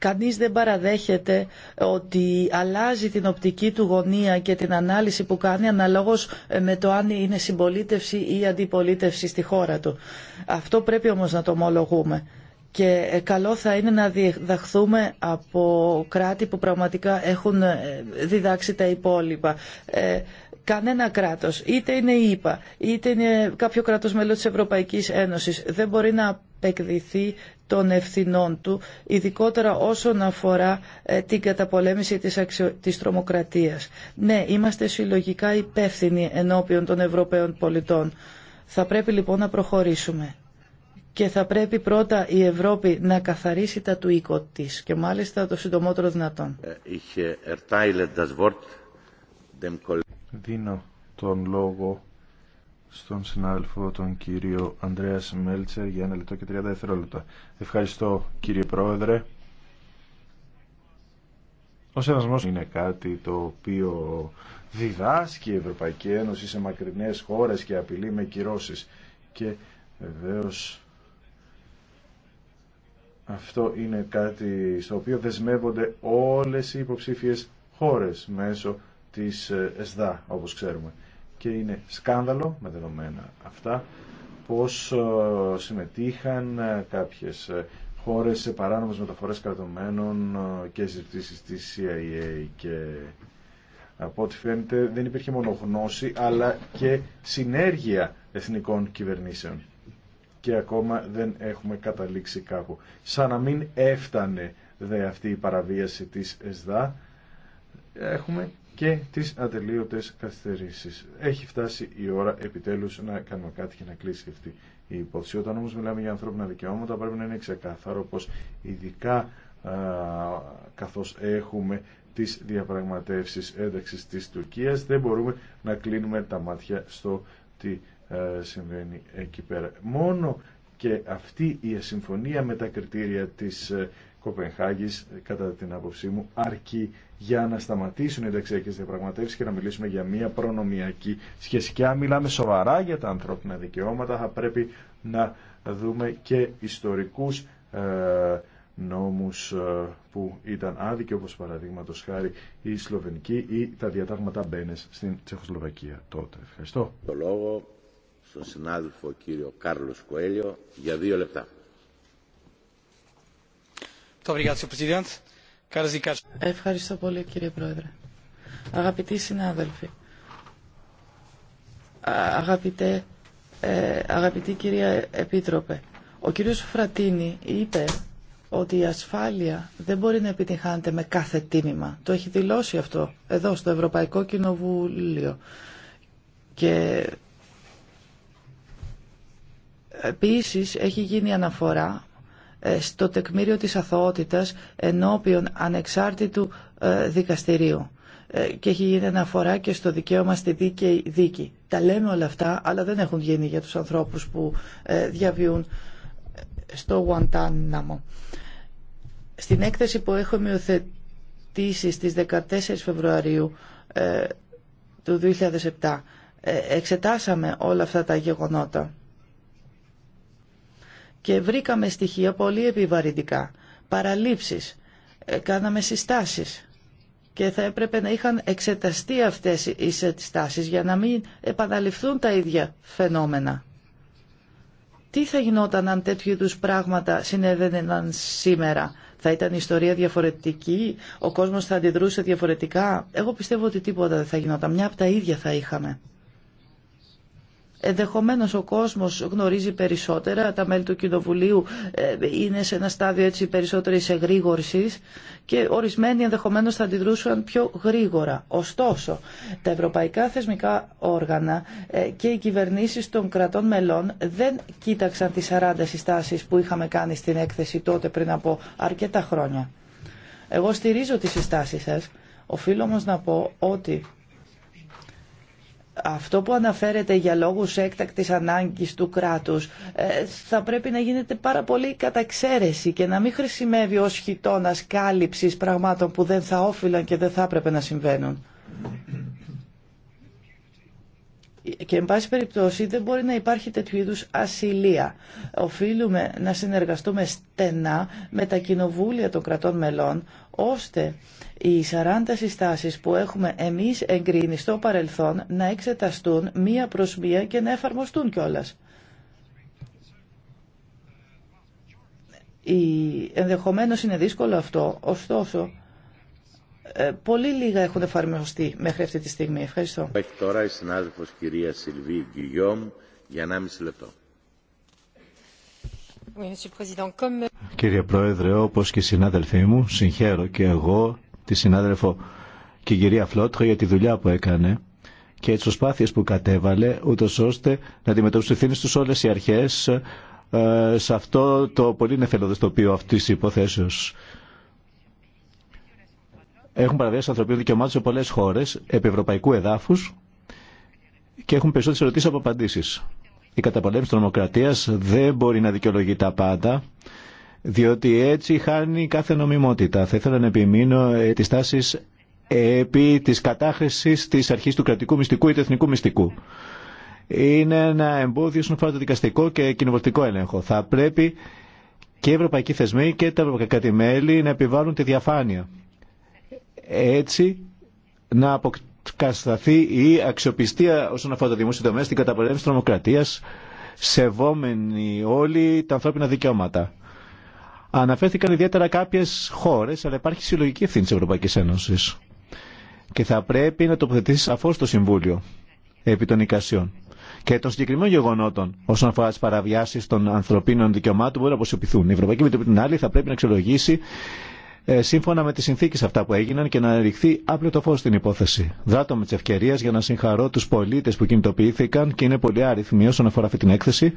Κανείς δεν παραδέχεται ότι αλλάζει την οπτική του γωνία και την ανάλυση που κάνει αναλόγως ε, με το αν είναι συμπολίτευση ή αντιπολίτευση στη χώρα του. Αυτό πρέπει όμως να το ομολογούμε. Και ε, καλό θα είναι να διδαχθούμε από κράτη που πραγματικά έχουν ε, διδάξει τα υπόλοιπα. Κανένα κράτος, είτε είναι η ΕΠΑ, είτε είναι κάποιο κράτος μέλος της Ευρωπαϊκής Ένωσης, δεν μπορεί να απεκδηθεί των ευθυνών του, ειδικότερα όσον αφορά ε, την καταπολέμηση της, αξιο... της τρομοκρατίας. Ναι, είμαστε συλλογικά υπεύθυνοι ενώπιον των Ευρωπαίων πολιτών. Θα πρέπει λοιπόν να προχωρήσουμε. Και θα πρέπει πρώτα η Ευρώπη να καθαρίσει τα του οίκο τη και μάλιστα το συντομότερο δυνατόν. Ε, Δίνω τον λόγο στον συνάδελφο τον κύριο Ανδρέα Μέλτσερ για ένα λεπτό και 30 δευτερόλεπτα. Ευχαριστώ κύριε Πρόεδρε. Ο σεβασμός είναι κάτι το οποίο διδάσκει η Ευρωπαϊκή Ένωση σε μακρινές χώρες και απειλεί με κυρώσεις. Και βεβαίω αυτό είναι κάτι στο οποίο δεσμεύονται όλες οι υποψήφιες χώρες μέσω της ΕΣΔΑ όπω ξέρουμε και είναι σκάνδαλο με δεδομένα αυτά πως ε, συμμετείχαν ε, κάποιες ε, χώρες σε παράνομες μεταφορές κρατωμένων και συζητήσεις της CIA και από ό,τι φαίνεται δεν υπήρχε μόνο γνώση αλλά και συνέργεια εθνικών κυβερνήσεων και ακόμα δεν έχουμε καταλήξει κάπου. Σαν να μην έφτανε δε αυτή η παραβίαση της ΕΣΔΑ έχουμε και τις ατελείωτες καθυστερήσεις. Έχει φτάσει η ώρα επιτέλους να κάνουμε κάτι και να κλείσει αυτή η υπόθεση. Όταν όμως μιλάμε για ανθρώπινα δικαιώματα πρέπει να είναι ξεκάθαρο πως ειδικά α, καθώς έχουμε τις διαπραγματεύσεις ένταξης της Τουρκίας δεν μπορούμε να κλείνουμε τα μάτια στο τι συμβαίνει εκεί πέρα. Μόνο και αυτή η συμφωνία με τα κριτήρια της ε, Κοπενχάγης κατά την άποψή μου αρκεί για να σταματήσουν οι ενταξιακές διαπραγματεύσεις και να μιλήσουμε για μια προνομιακή σχέση. Και αν μιλάμε σοβαρά για τα ανθρώπινα δικαιώματα θα πρέπει να δούμε και ιστορικούς ε, νόμους ε, που ήταν άδικοι όπως παραδείγματο χάρη η Σλοβενική ή τα διατάγματα Μπένες στην Τσεχοσλοβακία τότε. Ευχαριστώ. Το λόγο στον συνάδελφο κύριο Κάρλος Κοέλιο για δύο λεπτά. Ευχαριστώ, Ευχαριστώ πολύ κύριε Πρόεδρε. Αγαπητοί συνάδελφοι, ε, αγαπητή κυρία Επίτροπε, ο κύριος Φρατίνη είπε ότι η ασφάλεια δεν μπορεί να επιτυγχάνεται με κάθε τίμημα. Το έχει δηλώσει αυτό εδώ στο Ευρωπαϊκό Κοινοβούλιο. Και επίσης έχει γίνει αναφορά ε, στο τεκμήριο της αθωότητας ενώπιον ανεξάρτητου ε, δικαστηρίου ε, και έχει γίνει αναφορά και στο δικαίωμα στη δίκαιη δίκη. Τα λέμε όλα αυτά, αλλά δεν έχουν γίνει για τους ανθρώπους που διαβιούν στο Γουαντάναμο. Στην έκθεση που έχω μειοθετήσει στις 14 Φεβρουαρίου του 2007, εξετάσαμε όλα αυτά τα γεγονότα και βρήκαμε στοιχεία πολύ επιβαρυντικά, παραλήψεις, ε, κάναμε συστάσεις και θα έπρεπε να είχαν εξεταστεί αυτές οι συστάσεις για να μην επαναληφθούν τα ίδια φαινόμενα. Τι θα γινόταν αν τέτοιου είδου πράγματα συνέβαιναν σήμερα. Θα ήταν η ιστορία διαφορετική, ο κόσμος θα αντιδρούσε διαφορετικά. Εγώ πιστεύω ότι τίποτα δεν θα γινόταν. Μια από τα ίδια θα είχαμε. Ενδεχομένω ο κόσμο γνωρίζει περισσότερα, τα μέλη του Κοινοβουλίου ε, είναι σε ένα στάδιο έτσι περισσότερη εγρήγορση και ορισμένοι ενδεχομένω θα αντιδρούσαν πιο γρήγορα. Ωστόσο, τα ευρωπαϊκά θεσμικά όργανα ε, και οι κυβερνήσει των κρατών μελών δεν κοίταξαν τι 40 συστάσει που είχαμε κάνει στην έκθεση τότε πριν από αρκετά χρόνια. Εγώ στηρίζω τι συστάσει σα. Οφείλω όμω να πω ότι αυτό που αναφέρεται για λόγους έκτακτης ανάγκης του κράτους ε, θα πρέπει να γίνεται πάρα πολύ καταξαίρεση και να μην χρησιμεύει ως χιτώνας κάλυψης πραγμάτων που δεν θα όφυλαν και δεν θα έπρεπε να συμβαίνουν και εν πάση περιπτώσει δεν μπορεί να υπάρχει τέτοιου είδου ασυλία. Οφείλουμε να συνεργαστούμε στενά με τα κοινοβούλια των κρατών μελών, ώστε οι 40 συστάσεις που έχουμε εμείς εγκρίνει στο παρελθόν να εξεταστούν μία προς μία και να εφαρμοστούν κιόλα. Η... Ενδεχομένως είναι δύσκολο αυτό, ωστόσο ε, πολύ λίγα έχουν εφαρμοστεί μέχρι αυτή τη στιγμή. Ευχαριστώ. Έχει τώρα η συνάδελφος κυρία Σιλβή Γκυγιόμ για 1,5 λεπτό. Κύριε Πρόεδρε, όπως και οι συνάδελφοί μου, συγχαίρω και εγώ τη συνάδελφο και η κυρία Φλότχο για τη δουλειά που έκανε και τι προσπάθειε που κατέβαλε, ούτω ώστε να αντιμετωπιστούν τους όλες οι αρχές ε, σε αυτό το πολύ τοπίο αυτής τη υποθέσεως έχουν παραβιάσει ανθρωπίνων δικαιωμάτων σε πολλέ χώρε επί ευρωπαϊκού εδάφου και έχουν περισσότερε ερωτήσει από απαντήσει. Η καταπολέμηση τη τρομοκρατία δεν μπορεί να δικαιολογεί τα πάντα, διότι έτσι χάνει κάθε νομιμότητα. Θα ήθελα να επιμείνω ε, τι τάσει επί τη κατάχρηση τη αρχή του κρατικού μυστικού ή του εθνικού μυστικού. Είναι ένα εμπόδιο στον αφορά το δικαστικό και κοινοβουλευτικό έλεγχο. Θα πρέπει και οι ευρωπαϊκοί θεσμοί και τα ευρωπαικα κράτη-μέλη να επιβάλλουν τη διαφάνεια έτσι να αποκασταθεί η αξιοπιστία όσον αφορά το δημόσιο τομέα στην καταπολέμηση της τρομοκρατίας σεβόμενοι όλοι τα ανθρώπινα δικαιώματα. Αναφέρθηκαν ιδιαίτερα κάποιε χώρε, αλλά υπάρχει συλλογική ευθύνη τη Ευρωπαϊκή Ένωση. και θα πρέπει να τοποθετήσει σαφώ το Συμβούλιο επί των οικασιών και των συγκεκριμένων γεγονότων όσον αφορά τι παραβιάσει των ανθρωπίνων δικαιωμάτων μπορεί να αποσιοποιηθούν. Η Ευρωπαϊκή Επιτροπή την άλλη θα πρέπει να αξιολογήσει ε, σύμφωνα με τις συνθήκες αυτά που έγιναν και να ρηχθεί άπλο το φως στην υπόθεση. Δράτω με τις ευκαιρίες για να συγχαρώ τους πολίτες που κινητοποιήθηκαν και είναι πολύ άριθμοι όσον αφορά αυτή την έκθεση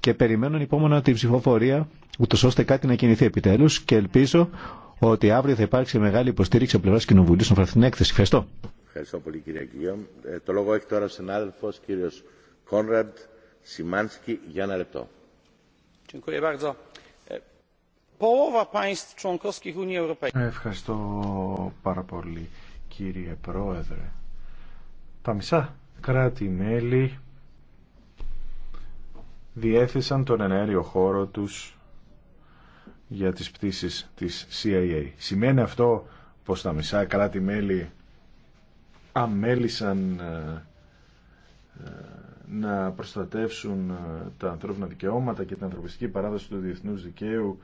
και περιμένω υπόμονα την ψηφοφορία ούτω ώστε κάτι να κινηθεί επιτέλους και ελπίζω ότι αύριο θα υπάρξει μεγάλη υποστήριξη από πλευρά Κοινοβουλίου στον αυτή την έκθεση. Ευχαριστώ. Ευχαριστώ πολύ κύριε το λόγο έχει τώρα κύριος Κόνραντ Σιμάνσκι για ένα λεπτό. Dziękuję Ευχαριστώ πάρα πολύ κύριε Πρόεδρε. Τα μισά κράτη-μέλη διέθεσαν τον ενέργειο χώρο τους για τις πτήσεις της CIA. Σημαίνει αυτό πως τα μισά κράτη-μέλη αμέλησαν ε, ε, να προστατεύσουν ε, τα ανθρώπινα δικαιώματα και την ανθρωπιστική παράδοση του διεθνούς δικαίου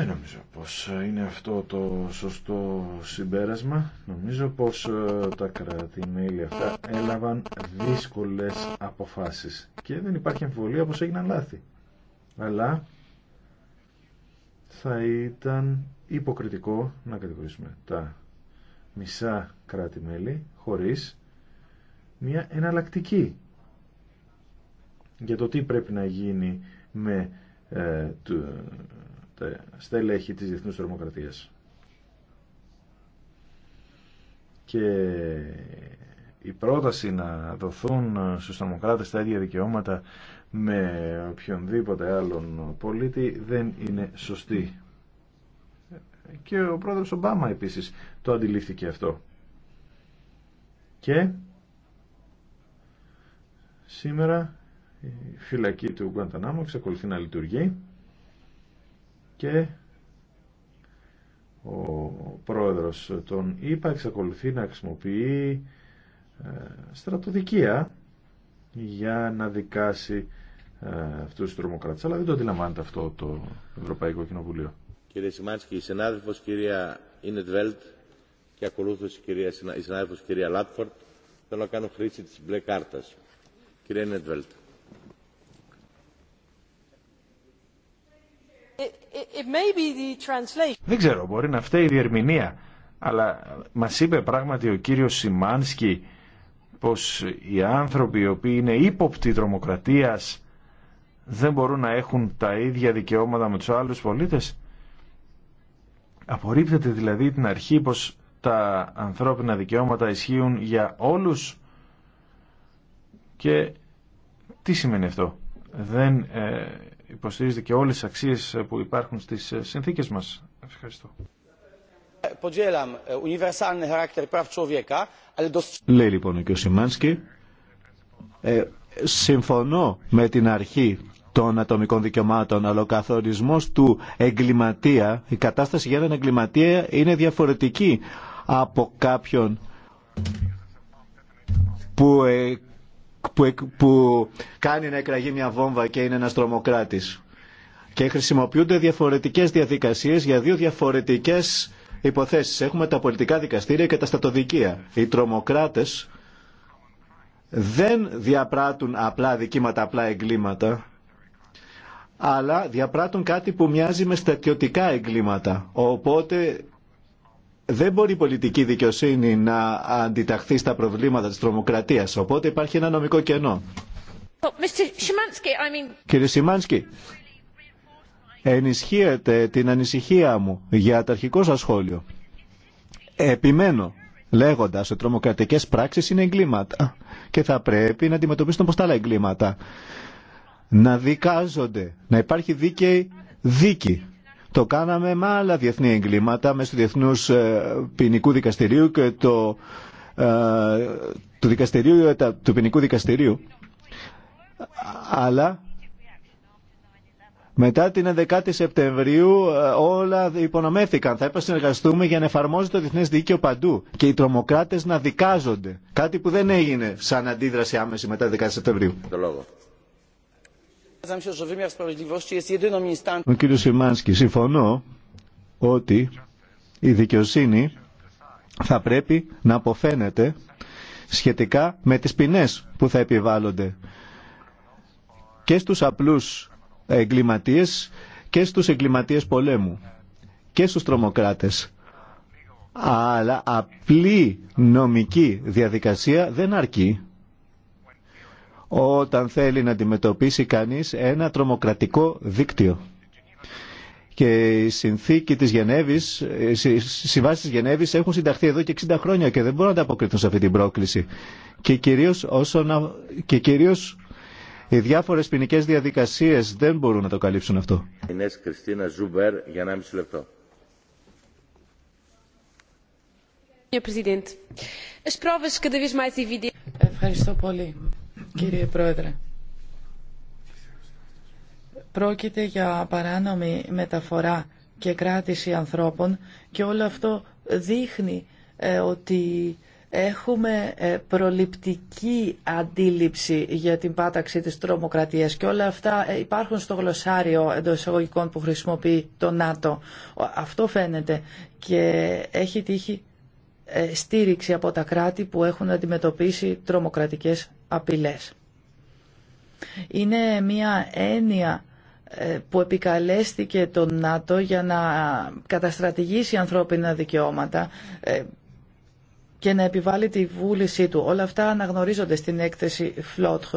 δεν νομίζω πως ε, είναι αυτό το σωστό συμπέρασμα. Νομίζω πως ε, τα κρατη αυτά έλαβαν δύσκολες αποφάσεις και δεν υπάρχει εμφιβολία πως έγιναν λάθη. Αλλά θα ήταν υποκριτικό να κατηγορήσουμε τα μισά κράτη-μέλη χωρίς μια εναλλακτική για το τι πρέπει να γίνει με ε, το στελέχη της Διεθνούς Τρομοκρατίας. Και η πρόταση να δοθούν στους τρομοκράτες τα ίδια δικαιώματα με οποιονδήποτε άλλον πολίτη δεν είναι σωστή. Και ο πρόεδρος Ομπάμα επίσης το αντιλήφθηκε αυτό. Και σήμερα η φυλακή του Γκουαντανάμου εξακολουθεί να λειτουργεί και ο πρόεδρος των ΙΠΑ εξακολουθεί να χρησιμοποιεί ε, στρατοδικία για να δικάσει ε, αυτούς τους τρομοκράτες. Αλλά δεν το αντιλαμβάνεται αυτό το Ευρωπαϊκό Κοινοβουλίο. Κύριε Σιμάνσκι, η συνάδελφος κυρία Ινετβέλτ και ακολούθως η, κυρία, η συνάδελφος κυρία Λάτφορτ θέλω να κάνω χρήση της μπλε κάρτας. Κυρία Ινετβέλτ. Δεν ξέρω, μπορεί να φταίει η διερμηνία, αλλά μας είπε πράγματι ο κύριος Σιμάνσκι πως οι άνθρωποι οι οποίοι είναι ύποπτοι τρομοκρατίας δεν μπορούν να έχουν τα ίδια δικαιώματα με τους άλλους πολίτες. Απορρίπτεται δηλαδή την αρχή πως τα ανθρώπινα δικαιώματα ισχύουν για όλους και τι σημαίνει αυτό. Δεν ε, υποστηρίζετε και όλες τις αξίες που υπάρχουν στις ε, συνθήκες μας. Ευχαριστώ. E, Λέει λοιπόν ο Σιμάνσκι, ε, συμφωνώ με την αρχή των ατομικών δικαιωμάτων, αλλά ο καθορισμό του εγκληματία, η κατάσταση για έναν εγκληματία είναι διαφορετική από κάποιον που ε, που, κάνει να εκραγεί μια βόμβα και είναι ένας τρομοκράτης. Και χρησιμοποιούνται διαφορετικές διαδικασίες για δύο διαφορετικές υποθέσεις. Έχουμε τα πολιτικά δικαστήρια και τα στατοδικεία. Οι τρομοκράτες δεν διαπράττουν απλά δικήματα, απλά εγκλήματα, αλλά διαπράττουν κάτι που μοιάζει με στατιωτικά εγκλήματα. Οπότε δεν μπορεί η πολιτική δικαιοσύνη να αντιταχθεί στα προβλήματα της τρομοκρατίας. Οπότε υπάρχει ένα νομικό κενό. Κύριε Σιμάνσκι, ενισχύεται την ανησυχία μου για το αρχικό σας σχόλιο. Επιμένω λέγοντας ότι τρομοκρατικές πράξεις είναι εγκλήματα και θα πρέπει να αντιμετωπίσουν όπως τα άλλα εγκλήματα. Να δικάζονται, να υπάρχει δίκαιη δίκη το κάναμε με άλλα διεθνή εγκλήματα μέσα του Διεθνούς ε, Ποινικού Δικαστηρίου και το, ε, του, δικαστηρίου, του Ποινικού Δικαστηρίου. Αλλά μετά την 11η Σεπτεμβρίου ε, όλα υπονομεύθηκαν. Θα έπρεπε να συνεργαστούμε για να εφαρμόζεται το διεθνέ δίκαιο παντού και οι τρομοκράτε να δικάζονται. Κάτι που δεν έγινε σαν αντίδραση άμεση μετά την 11η Σεπτεμβρίου. Ο κύριος Σιμάνσκι, συμφωνώ ότι η δικαιοσύνη θα πρέπει να αποφαίνεται σχετικά με τις ποινές που θα επιβάλλονται και στους απλούς εγκληματίες και στους εγκληματίες πολέμου και στους τρομοκράτες. Αλλά απλή νομική διαδικασία δεν αρκεί όταν θέλει να αντιμετωπίσει κανείς ένα τρομοκρατικό δίκτυο. Και η συνθήκη της Γενέβης, οι συμβάσεις της Γενέβης έχουν συνταχθεί εδώ και 60 χρόνια και δεν μπορούν να ανταποκριθούν σε αυτή την πρόκληση. Και κυρίως, και κυρίως οι διάφορες ποινικέ διαδικασίες δεν μπορούν να το καλύψουν αυτό. για Ευχαριστώ πολύ κύριε Πρόεδρε. Πρόκειται για παράνομη μεταφορά και κράτηση ανθρώπων και όλο αυτό δείχνει ε, ότι έχουμε ε, προληπτική αντίληψη για την πάταξη της τρομοκρατίας και όλα αυτά ε, υπάρχουν στο γλωσσάριο εντό εισαγωγικών που χρησιμοποιεί το ΝΑΤΟ. Αυτό φαίνεται και έχει τύχει στήριξη από τα κράτη που έχουν αντιμετωπίσει τρομοκρατικές απειλές. Είναι μια έννοια ε, που επικαλέστηκε τον ΝΑΤΟ για να καταστρατηγήσει ανθρώπινα δικαιώματα ε, και να επιβάλλει τη βούλησή του. Όλα αυτά αναγνωρίζονται στην έκθεση Φλότχ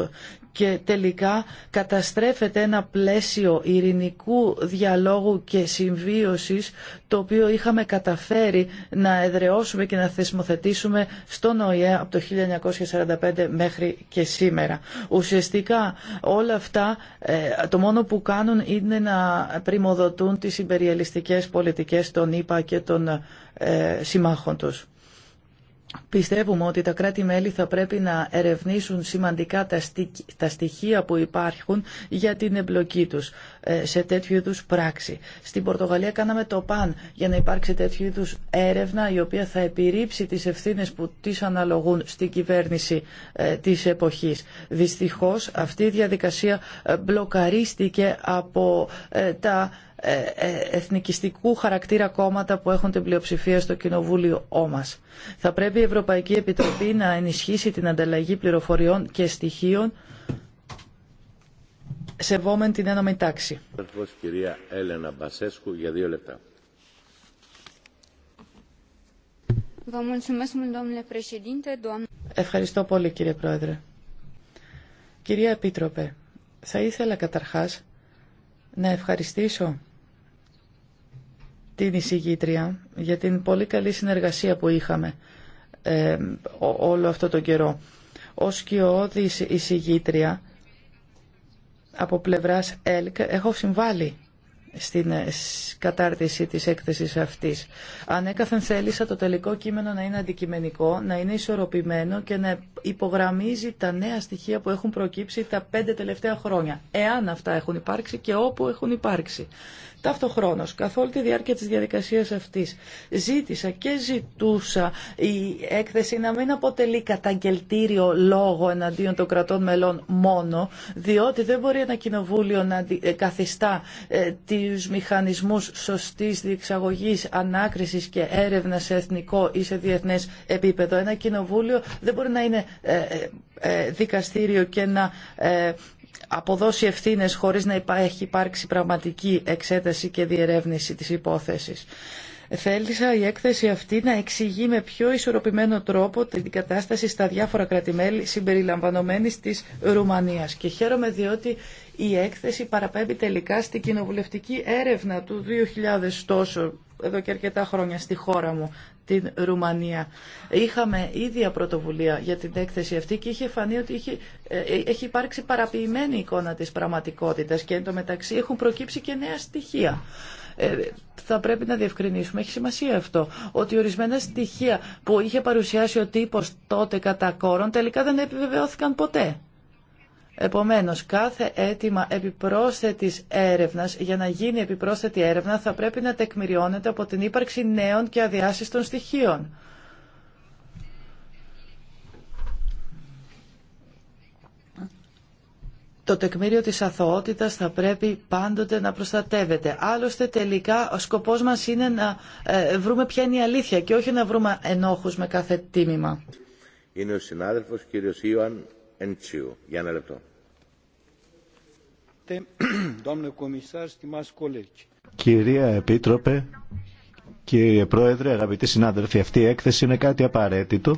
και τελικά καταστρέφεται ένα πλαίσιο ειρηνικού διαλόγου και συμβίωσης το οποίο είχαμε καταφέρει να εδραιώσουμε και να θεσμοθετήσουμε στον ΟΗΕ από το 1945 μέχρι και σήμερα. Ουσιαστικά όλα αυτά ε, το μόνο που κάνουν είναι να πρημοδοτούν τις υπεριαλιστικές πολιτικές των ΙΠΑ και των ε, συμμάχων τους. Πιστεύουμε ότι τα κράτη-μέλη θα πρέπει να ερευνήσουν σημαντικά τα στοιχεία που υπάρχουν για την εμπλοκή τους ε, σε τέτοιου είδους πράξη. Στην Πορτογαλία κάναμε το παν για να υπάρξει τέτοιου είδους έρευνα η οποία θα επιρρύψει τις ευθύνες που τις αναλογούν στην κυβέρνηση ε, της εποχής. Δυστυχώς αυτή η διαδικασία ε, μπλοκαρίστηκε από τα ε, ε, εθνικιστικού χαρακτήρα κόμματα που έχουν την πλειοψηφία στο κοινοβούλιο όμως. Θα πρέπει η Ευρωπαϊκή Επιτροπή να ενισχύσει την ανταλλαγή πληροφοριών και στοιχείων σεβόμεν την ένωμη τάξη. Κυρία Έλενα Μπασέσκου για δύο λεπτά. Ευχαριστώ πολύ κύριε Πρόεδρε. Κυρία Επίτροπε, θα ήθελα καταρχάς να ευχαριστήσω την εισηγήτρια για την πολύ καλή συνεργασία που είχαμε ε, όλο αυτό τον καιρό. Ως κοιόδη εισηγήτρια από πλευράς ΕΛΚ έχω συμβάλει στην ε, κατάρτιση της έκθεσης αυτής. Ανέκαθεν θέλησα το τελικό κείμενο να είναι αντικειμενικό, να είναι ισορροπημένο και να υπογραμμίζει τα νέα στοιχεία που έχουν προκύψει τα πέντε τελευταία χρόνια, εάν αυτά έχουν υπάρξει και όπου έχουν υπάρξει ταυτοχρόνως καθ' όλη τη διάρκεια της διαδικασίας αυτής. Ζήτησα και ζητούσα η έκθεση να μην αποτελεί καταγγελτήριο λόγο εναντίον των κρατών μελών μόνο, διότι δεν μπορεί ένα κοινοβούλιο να ε, καθιστά ε, τους μηχανισμούς σωστής διεξαγωγής, ανάκρισης και έρευνας σε εθνικό ή σε διεθνές επίπεδο. Ένα κοινοβούλιο δεν μπορεί να είναι ε, δικαστήριο και να αποδώσει ευθύνε χωρίς να έχει υπάρξει πραγματική εξέταση και διερεύνηση της υπόθεσης. Θέλησα η έκθεση αυτή να εξηγεί με πιο ισορροπημένο τρόπο την κατάσταση στα διάφορα κρατημέλη συμπεριλαμβανομένης της Ρουμανίας. Και χαίρομαι διότι η έκθεση παραπέμπει τελικά στην κοινοβουλευτική έρευνα του 2000 τόσο εδώ και αρκετά χρόνια στη χώρα μου την Ρουμανία. Είχαμε ίδια πρωτοβουλία για την έκθεση αυτή και είχε φανεί ότι είχε, ε, ε, έχει υπάρξει παραποιημένη εικόνα της πραγματικότητας και εν μεταξύ έχουν προκύψει και νέα στοιχεία. Ε, θα πρέπει να διευκρινίσουμε, έχει σημασία αυτό, ότι ορισμένα στοιχεία που είχε παρουσιάσει ο τύπος τότε κατά κόρον τελικά δεν επιβεβαιώθηκαν ποτέ. Επομένως, κάθε αίτημα επιπρόσθετης έρευνας, για να γίνει επιπρόσθετη έρευνα, θα πρέπει να τεκμηριώνεται από την ύπαρξη νέων και αδιάσυστων στοιχείων. Το τεκμήριο της αθωότητας θα πρέπει πάντοτε να προστατεύεται. Άλλωστε τελικά ο σκοπός μας είναι να ε, βρούμε ποια είναι η αλήθεια και όχι να βρούμε ενόχους με κάθε τίμημα. Είναι ο συνάδελφος κύριος Κυρία Επίτροπε, κύριε Πρόεδρε, αγαπητοί συνάδελφοι, αυτή η έκθεση είναι κάτι απαραίτητο.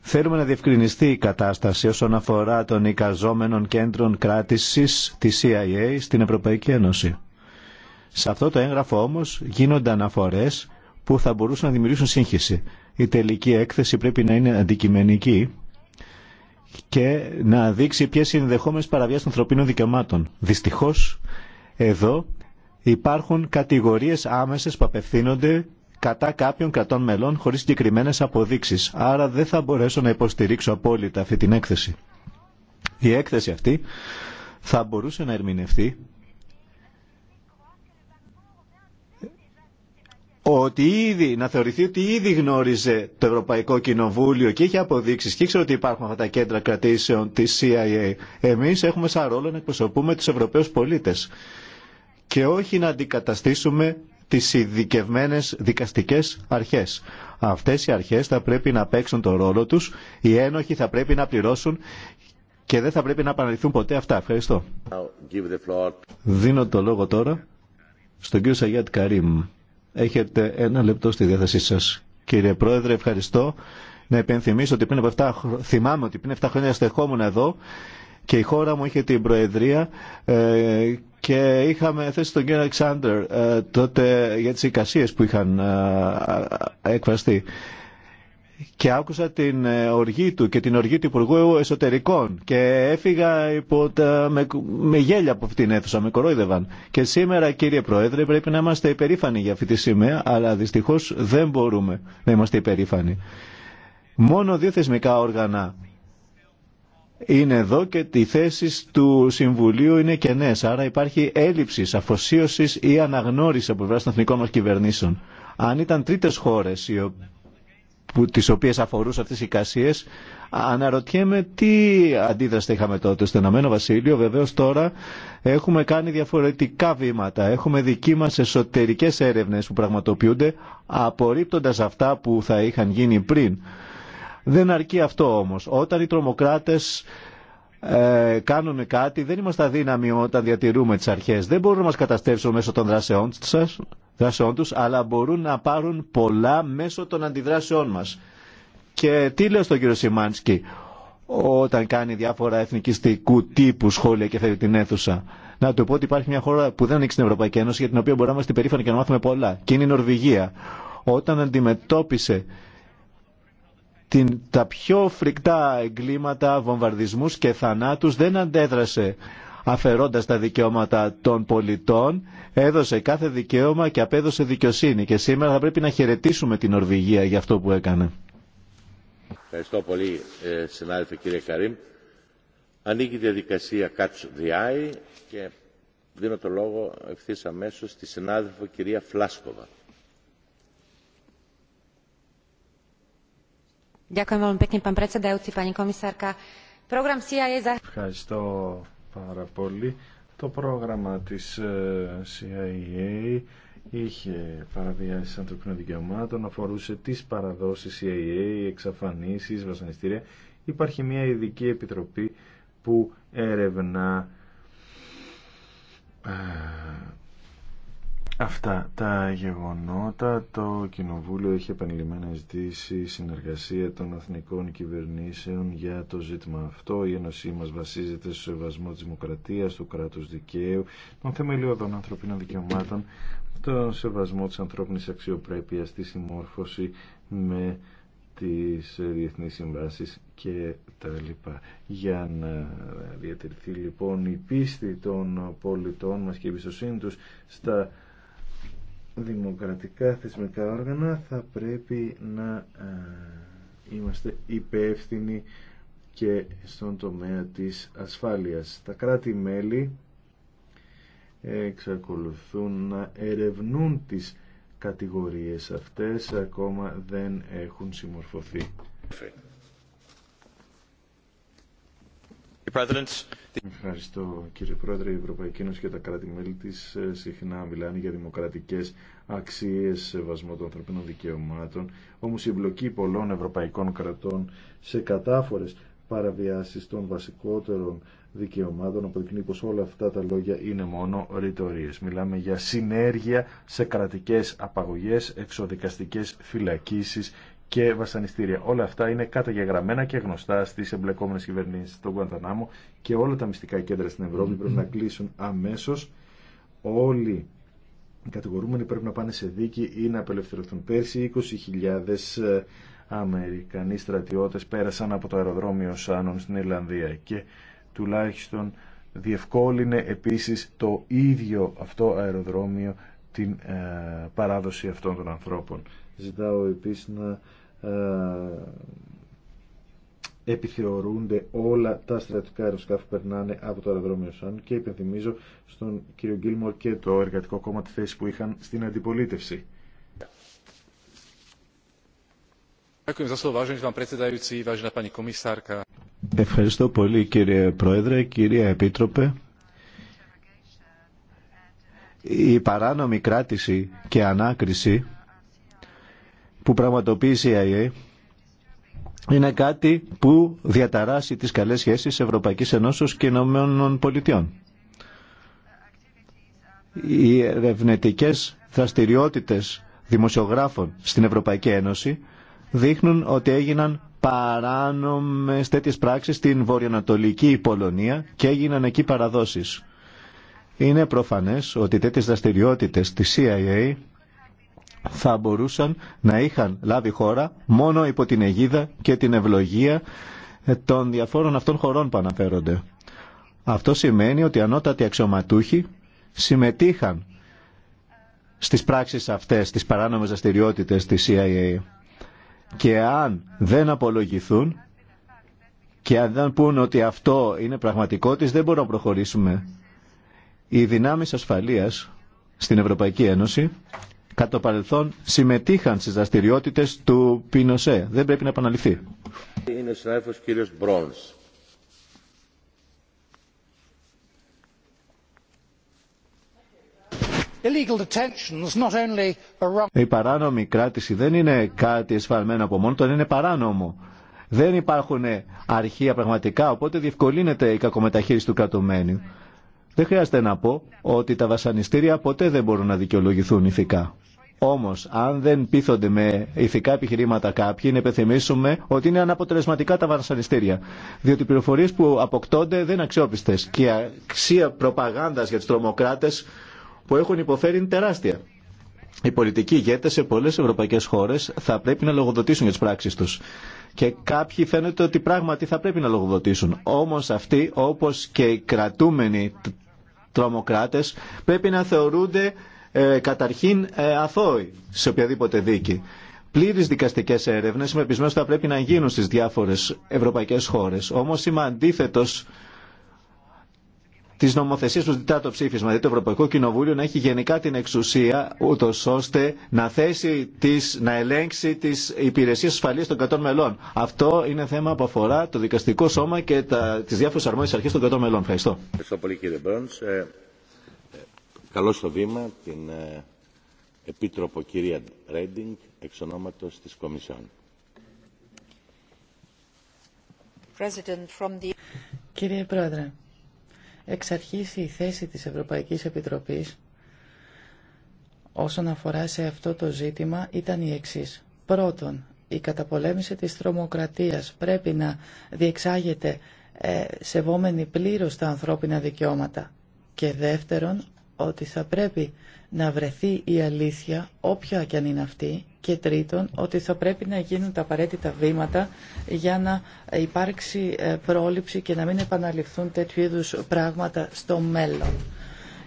Θέλουμε να διευκρινιστεί η κατάσταση όσον αφορά των εικαζόμενων κέντρων κράτησης της CIA στην Ευρωπαϊκή Ένωση. Σε αυτό το έγγραφο όμως γίνονται αναφορές που θα μπορούσαν να δημιουργήσουν σύγχυση. Η τελική έκθεση πρέπει να είναι αντικειμενική και να δείξει ποιες είναι δεχόμενες παραβιάσεις των ανθρωπίνων δικαιωμάτων. Δυστυχώς, εδώ υπάρχουν κατηγορίες άμεσες που απευθύνονται κατά κάποιων κρατών μελών χωρίς συγκεκριμένες αποδείξεις. Άρα δεν θα μπορέσω να υποστηρίξω απόλυτα αυτή την έκθεση. Η έκθεση αυτή θα μπορούσε να ερμηνευτεί ότι ήδη, να θεωρηθεί ότι ήδη γνώριζε το Ευρωπαϊκό Κοινοβούλιο και είχε αποδείξει και ήξερε ότι υπάρχουν αυτά τα κέντρα κρατήσεων τη CIA. Εμεί έχουμε σαν ρόλο να εκπροσωπούμε του Ευρωπαίου πολίτε. και όχι να αντικαταστήσουμε τι ειδικευμένε δικαστικέ αρχέ. Αυτέ οι αρχέ θα πρέπει να παίξουν τον ρόλο του, οι ένοχοι θα πρέπει να πληρώσουν και δεν θα πρέπει να επαναληφθούν ποτέ αυτά. Ευχαριστώ. Δίνω το λόγο τώρα στον κύριο Σαγιάτ Καρίμ. Έχετε ένα λεπτό στη διάθεσή σας. Κύριε Πρόεδρε, ευχαριστώ. Να υπενθυμίσω ότι πριν από 7, θυμάμαι ότι πριν 7 χρόνια στεχόμουν εδώ και η χώρα μου είχε την Προεδρία ε, και είχαμε θέσει τον κύριο Αλεξάνδρ ε, τότε για τις εικασίες που είχαν ε, εκφραστεί και άκουσα την ε, οργή του και την οργή του Υπουργού Εσωτερικών και έφυγα υπό με... γέλια από αυτήν την αίθουσα, με κορόιδευαν. Και σήμερα κύριε Πρόεδρε πρέπει να είμαστε υπερήφανοι για αυτή τη σημαία, αλλά δυστυχώς δεν μπορούμε να είμαστε υπερήφανοι. Μόνο δύο θεσμικά όργανα είναι εδώ και οι θέσει του Συμβουλίου είναι κενές, άρα υπάρχει έλλειψη αφοσίωση ή αναγνώριση από πλευρά των εθνικών μας κυβερνήσεων. Αν ήταν τρίτες χώρε οι που, τις οποίες αφορούσε αυτές οι εικασίες, αναρωτιέμαι τι αντίδραση είχαμε τότε. Στο Ενωμένο Βασίλειο βεβαίως τώρα έχουμε κάνει διαφορετικά βήματα. Έχουμε δική μας εσωτερικές έρευνες που πραγματοποιούνται απορρίπτοντας αυτά που θα είχαν γίνει πριν. Δεν αρκεί αυτό όμως. Όταν οι τρομοκράτες ε, κάνουν κάτι, δεν είμαστε αδύναμοι όταν διατηρούμε τις αρχές. Δεν μπορούν να μας καταστρέψουν μέσω των δράσεών, σας, τους, αλλά μπορούν να πάρουν πολλά μέσω των αντιδράσεών μας. Και τι λέω στον κύριο Σιμάνσκι όταν κάνει διάφορα εθνικιστικού τύπου σχόλια και φεύγει την αίθουσα. Να του πω ότι υπάρχει μια χώρα που δεν ανοίξει στην Ευρωπαϊκή Ένωση για την οποία μπορούμε να είμαστε περήφανοι και να μάθουμε πολλά. Και είναι η Νορβηγία. Όταν αντιμετώπισε την, τα πιο φρικτά εγκλήματα, βομβαρδισμούς και θανάτους δεν αντέδρασε αφαιρώντας τα δικαιώματα των πολιτών, έδωσε κάθε δικαίωμα και απέδωσε δικαιοσύνη. Και σήμερα θα πρέπει να χαιρετήσουμε την Ορβηγία για αυτό που έκανε. Ευχαριστώ πολύ, ε, συνάδελφε κύριε Καρύμ. Ανοίγει η διαδικασία Catch the και δίνω το λόγο ευθύ αμέσω στη συνάδελφο κυρία Φλάσκοβα. Ευχαριστώ πάρα πολύ. Το πρόγραμμα της ε, CIA είχε παραβιάσει ανθρωπίνων δικαιωμάτων, αφορούσε τις παραδόσεις CIA, εξαφανίσεις, βασανιστήρια. Υπάρχει μια ειδική επιτροπή που έρευνα ε, αυτά τα γεγονότα το Κοινοβούλιο έχει επανειλημμένα ζητήσει συνεργασία των εθνικών κυβερνήσεων για το ζήτημα αυτό. Η Ένωσή μας βασίζεται στο σεβασμό της δημοκρατίας, του κράτους δικαίου, των θεμελιώδων ανθρωπίνων δικαιωμάτων, τον σεβασμό της ανθρώπινης αξιοπρέπειας, τη συμμόρφωση με τις διεθνείς συμβάσεις και τα λοιπά. Για να διατηρηθεί λοιπόν η πίστη των πολιτών μας και η εμπιστοσύνη του στα δημοκρατικά θεσμικά όργανα θα πρέπει να ε, είμαστε υπεύθυνοι και στον τομέα της ασφάλειας. Τα κράτη-μέλη εξακολουθούν να ερευνούν τις κατηγορίες αυτές, ακόμα δεν έχουν συμμορφωθεί. Ευχαριστώ κύριε Πρόεδρε. Η Ευρωπαϊκή Ένωση και τα κράτη-μέλη τη ε, συχνά μιλάνε για δημοκρατικέ αξίε, σεβασμό των ανθρωπίνων δικαιωμάτων. Όμω η εμπλοκή πολλών ευρωπαϊκών κρατών σε κατάφορε παραβιάσει των βασικότερων δικαιωμάτων αποδεικνύει πω όλα αυτά τα λόγια είναι μόνο ρητορίε. Μιλάμε για συνέργεια σε κρατικέ απαγωγέ, εξοδικαστικέ φυλακίσει και βασανιστήρια. Όλα αυτά είναι καταγεγραμμένα και γνωστά στι εμπλεκόμενε κυβερνήσει στον Κουαντανάμο και όλα τα μυστικά κέντρα στην Ευρώπη πρέπει να κλείσουν αμέσω Όλοι οι κατηγορούμενοι πρέπει να πάνε σε δίκη ή να απελευθερωθούν. Πέρσι 20.000 ε, Αμερικανοί στρατιώτε πέρασαν από το αεροδρόμιο Σάνων στην Ιρλανδία και τουλάχιστον διευκόλυνε επίση το ίδιο αυτό αεροδρόμιο την ε, παράδοση αυτών των ανθρώπων. Ζητάω να ε, επιθεωρούνται όλα τα στρατιωτικά αεροσκάφη που περνάνε από το αεροδρόμιο Σαν και υπενθυμίζω στον κύριο Γκίλμορ και το εργατικό κόμμα τη θέση που είχαν στην αντιπολίτευση. Ευχαριστώ πολύ κύριε Πρόεδρε, κυρία Επίτροπε. Η παράνομη κράτηση και ανάκριση που πραγματοποιεί η CIA είναι κάτι που διαταράσει τις καλές σχέσεις Ευρωπαϊκής Ενώσεως και Ηνωμένων Πολιτειών. Οι ερευνητικέ δραστηριότητες δημοσιογράφων στην Ευρωπαϊκή Ένωση δείχνουν ότι έγιναν παράνομες τέτοιες πράξεις στην βορειοανατολική Πολωνία και έγιναν εκεί παραδόσεις. Είναι προφανές ότι τέτοιες δραστηριότητες της CIA θα μπορούσαν να είχαν λάβει χώρα μόνο υπό την αιγίδα και την ευλογία ε, των διαφόρων αυτών χωρών που αναφέρονται. Αυτό σημαίνει ότι ανώτατοι αξιωματούχοι συμμετείχαν στις πράξεις αυτές, στις παράνομες δραστηριότητε της CIA. Και αν δεν απολογηθούν και αν δεν πούν ότι αυτό είναι πραγματικό δεν μπορούμε να προχωρήσουμε. Οι δυνάμεις ασφαλείας στην Ευρωπαϊκή Ένωση κατά το παρελθόν συμμετείχαν στις δραστηριότητε του Πινοσέ. Δεν πρέπει να επαναληφθεί. Είναι συνάδελφος Μπρόνς. Η παράνομη κράτηση δεν είναι κάτι εσφαλμένο από μόνο του, είναι παράνομο. Δεν υπάρχουν αρχεία πραγματικά, οπότε διευκολύνεται η κακομεταχείριση του κρατουμένου. Δεν χρειάζεται να πω ότι τα βασανιστήρια ποτέ δεν μπορούν να δικαιολογηθούν ηθικά. Όμω, αν δεν πείθονται με ηθικά επιχειρήματα κάποιοι, να υπενθυμίσουμε ότι είναι αναποτελεσματικά τα βασανιστήρια. Διότι οι πληροφορίε που αποκτώνται δεν είναι αξιόπιστε. Και η αξία προπαγάνδας για του τρομοκράτε που έχουν υποφέρει είναι τεράστια. Οι πολιτικοί ηγέτε σε πολλέ ευρωπαϊκέ χώρε θα πρέπει να λογοδοτήσουν για τι πράξει του. Και κάποιοι φαίνεται ότι πράγματι θα πρέπει να λογοδοτήσουν. Όμω αυτοί, όπω και οι κρατούμενοι τρομοκράτε, πρέπει να θεωρούνται ε, καταρχήν ε, αθώοι σε οποιαδήποτε δίκη. Πλήρε δικαστικέ έρευνε είμαι πεισμένο θα πρέπει να γίνουν στι διάφορε ευρωπαϊκέ χώρε. Όμω είμαι αντίθετο τη νομοθεσία που ζητά το ψήφισμα. Δηλαδή το Ευρωπαϊκό Κοινοβούλιο να έχει γενικά την εξουσία, ούτω ώστε να, θέσει τις, να ελέγξει τι υπηρεσίε ασφαλεία των 100 μελών. Αυτό είναι θέμα που αφορά το δικαστικό σώμα και τι διάφορε αρμόδιε αρχέ των κατών μελών. Ευχαριστώ. πολύ κύριε καλώ στο βήμα την ε, Επίτροπο κυρία Ρέντινγκ εξ ονόματος της Κομισιόν. Κύριε Πρόεδρε, εξ αρχής η θέση της Ευρωπαϊκής Επιτροπής όσον αφορά σε αυτό το ζήτημα ήταν η εξής. Πρώτον, η καταπολέμηση της τρομοκρατίας πρέπει να διεξάγεται ε, σεβόμενη πλήρως τα ανθρώπινα δικαιώματα. Και δεύτερον, ότι θα πρέπει να βρεθεί η αλήθεια, όποια και αν είναι αυτή, και τρίτον, ότι θα πρέπει να γίνουν τα απαραίτητα βήματα για να υπάρξει ε, πρόληψη και να μην επαναληφθούν τέτοιου είδους πράγματα στο μέλλον.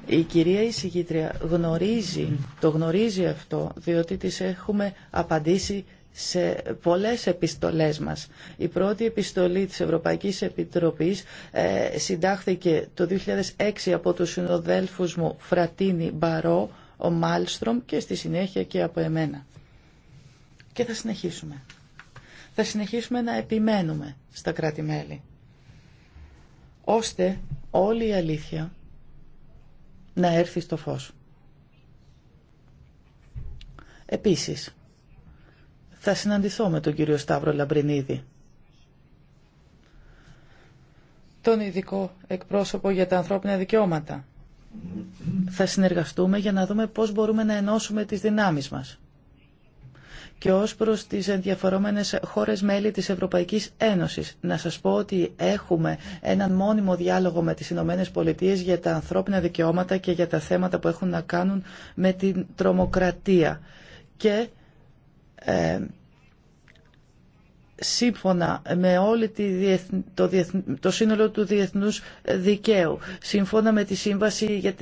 Η κυρία εισηγήτρια γνωρίζει, το γνωρίζει αυτό, διότι της έχουμε απαντήσει σε πολλές επιστολές μας. Η πρώτη επιστολή της Ευρωπαϊκής Επιτροπής ε, συντάχθηκε το 2006 από τους συνοδέλφους μου Φρατίνη Μπαρό, ο Μάλστρομ και στη συνέχεια και από εμένα. Και θα συνεχίσουμε. Θα συνεχίσουμε να επιμένουμε στα κράτη-μέλη, ώστε όλη η αλήθεια να έρθει στο φως. Επίσης, θα συναντηθώ με τον κύριο Σταύρο Λαμπρινίδη, τον ειδικό εκπρόσωπο για τα ανθρώπινα δικαιώματα. Θα συνεργαστούμε για να δούμε πώς μπορούμε να ενώσουμε τις δυνάμεις μας και ως προς τις ενδιαφερόμενες χώρες μέλη της Ευρωπαϊκής Ένωσης. Να σας πω ότι έχουμε έναν μόνιμο διάλογο με τις Ηνωμένες Πολιτείες για τα ανθρώπινα δικαιώματα και για τα θέματα που έχουν να κάνουν με την τρομοκρατία. Και ε, σύμφωνα με όλη το, σύνολο του διεθνούς δικαίου, σύμφωνα με τη σύμβαση για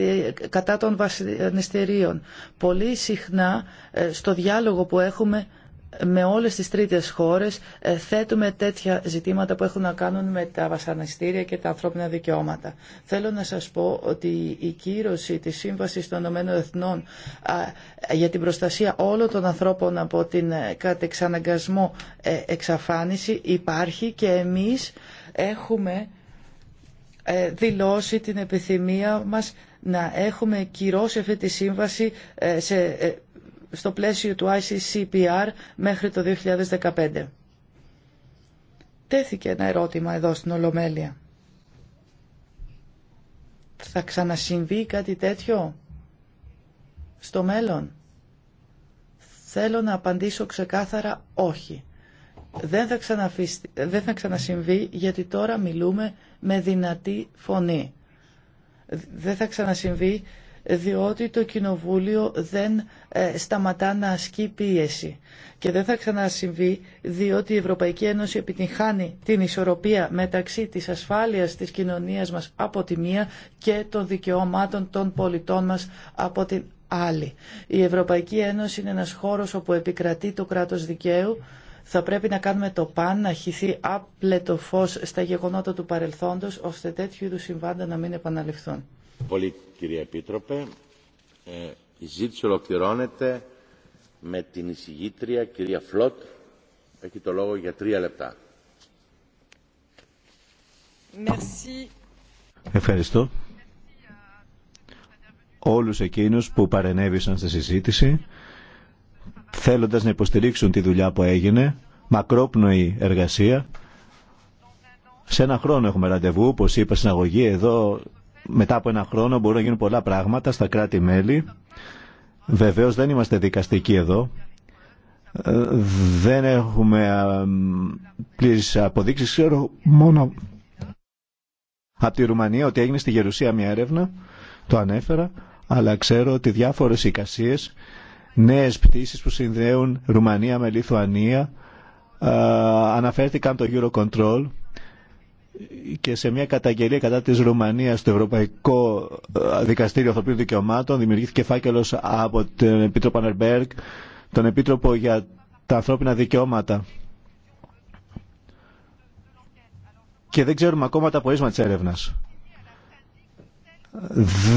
κατά των βασανιστερίων. Πολύ συχνά ε, στο διάλογο που έχουμε με όλες τις τρίτες χώρες ε, θέτουμε τέτοια ζητήματα που έχουν να κάνουν με τα βασανιστήρια και τα ανθρώπινα δικαιώματα. Θέλω να σας πω ότι η κύρωση της Σύμβασης των Ηνωμένων Εθνών για την προστασία όλων των ανθρώπων από την ε, κατεξαναγκασμό ε, εξαφάνιση υπάρχει και εμείς έχουμε δηλώσει την επιθυμία μας να έχουμε κυρώσει αυτή τη σύμβαση σε στο πλαίσιο του ICCPR μέχρι το 2015. Τέθηκε ένα ερώτημα εδώ στην Ολομέλεια. Θα ξανασυμβεί κάτι τέτοιο στο μέλλον. Θέλω να απαντήσω ξεκάθαρα όχι. Δεν θα, Δεν θα ξανασυμβεί γιατί τώρα μιλούμε με δυνατή φωνή. Δεν θα ξανασυμβεί διότι το Κοινοβούλιο δεν ε, σταματά να ασκεί πίεση. Και δεν θα ξανασυμβεί, διότι η Ευρωπαϊκή Ένωση επιτυγχάνει την ισορροπία μεταξύ της ασφάλειας της κοινωνίας μας από τη μία και των δικαιωμάτων των πολιτών μας από την άλλη. Η Ευρωπαϊκή Ένωση είναι ένας χώρος όπου επικρατεί το κράτος δικαίου, θα πρέπει να κάνουμε το παν, να χυθεί άπλετο φως στα γεγονότα του παρελθόντος, ώστε τέτοιου είδους συμβάντα να μην επαναληφθούν πολύ κυρία Επίτροπε. Ε, η ζήτηση ολοκληρώνεται με την εισηγήτρια κυρία Φλότ. Έχει το λόγο για τρία λεπτά. Ευχαριστώ όλους εκείνους που παρενέβησαν στη συζήτηση θέλοντας να υποστηρίξουν τη δουλειά που έγινε μακρόπνοη εργασία σε ένα χρόνο έχουμε ραντεβού όπως είπα στην αγωγή εδώ μετά από ένα χρόνο μπορούν να γίνουν πολλά πράγματα στα κράτη-μέλη. Βεβαίως δεν είμαστε δικαστικοί εδώ. Ε, δεν έχουμε πλήρες αποδείξεις. Ξέρω μόνο από τη Ρουμανία ότι έγινε στη Γερουσία μια έρευνα, το ανέφερα, αλλά ξέρω ότι διάφορες εικασίες, νέες πτήσεις που συνδέουν Ρουμανία με Λιθουανία, ε, αναφέρθηκαν το Eurocontrol και σε μια καταγγελία κατά της Ρουμανίας στο Ευρωπαϊκό ε, Δικαστήριο Ανθρωπίνων Δικαιωμάτων δημιουργήθηκε φάκελος από τον Επίτροπο Ανερμπέργκ, τον Επίτροπο για τα ανθρώπινα δικαιώματα. Και δεν ξέρουμε ακόμα τα πορίσμα τη έρευνας.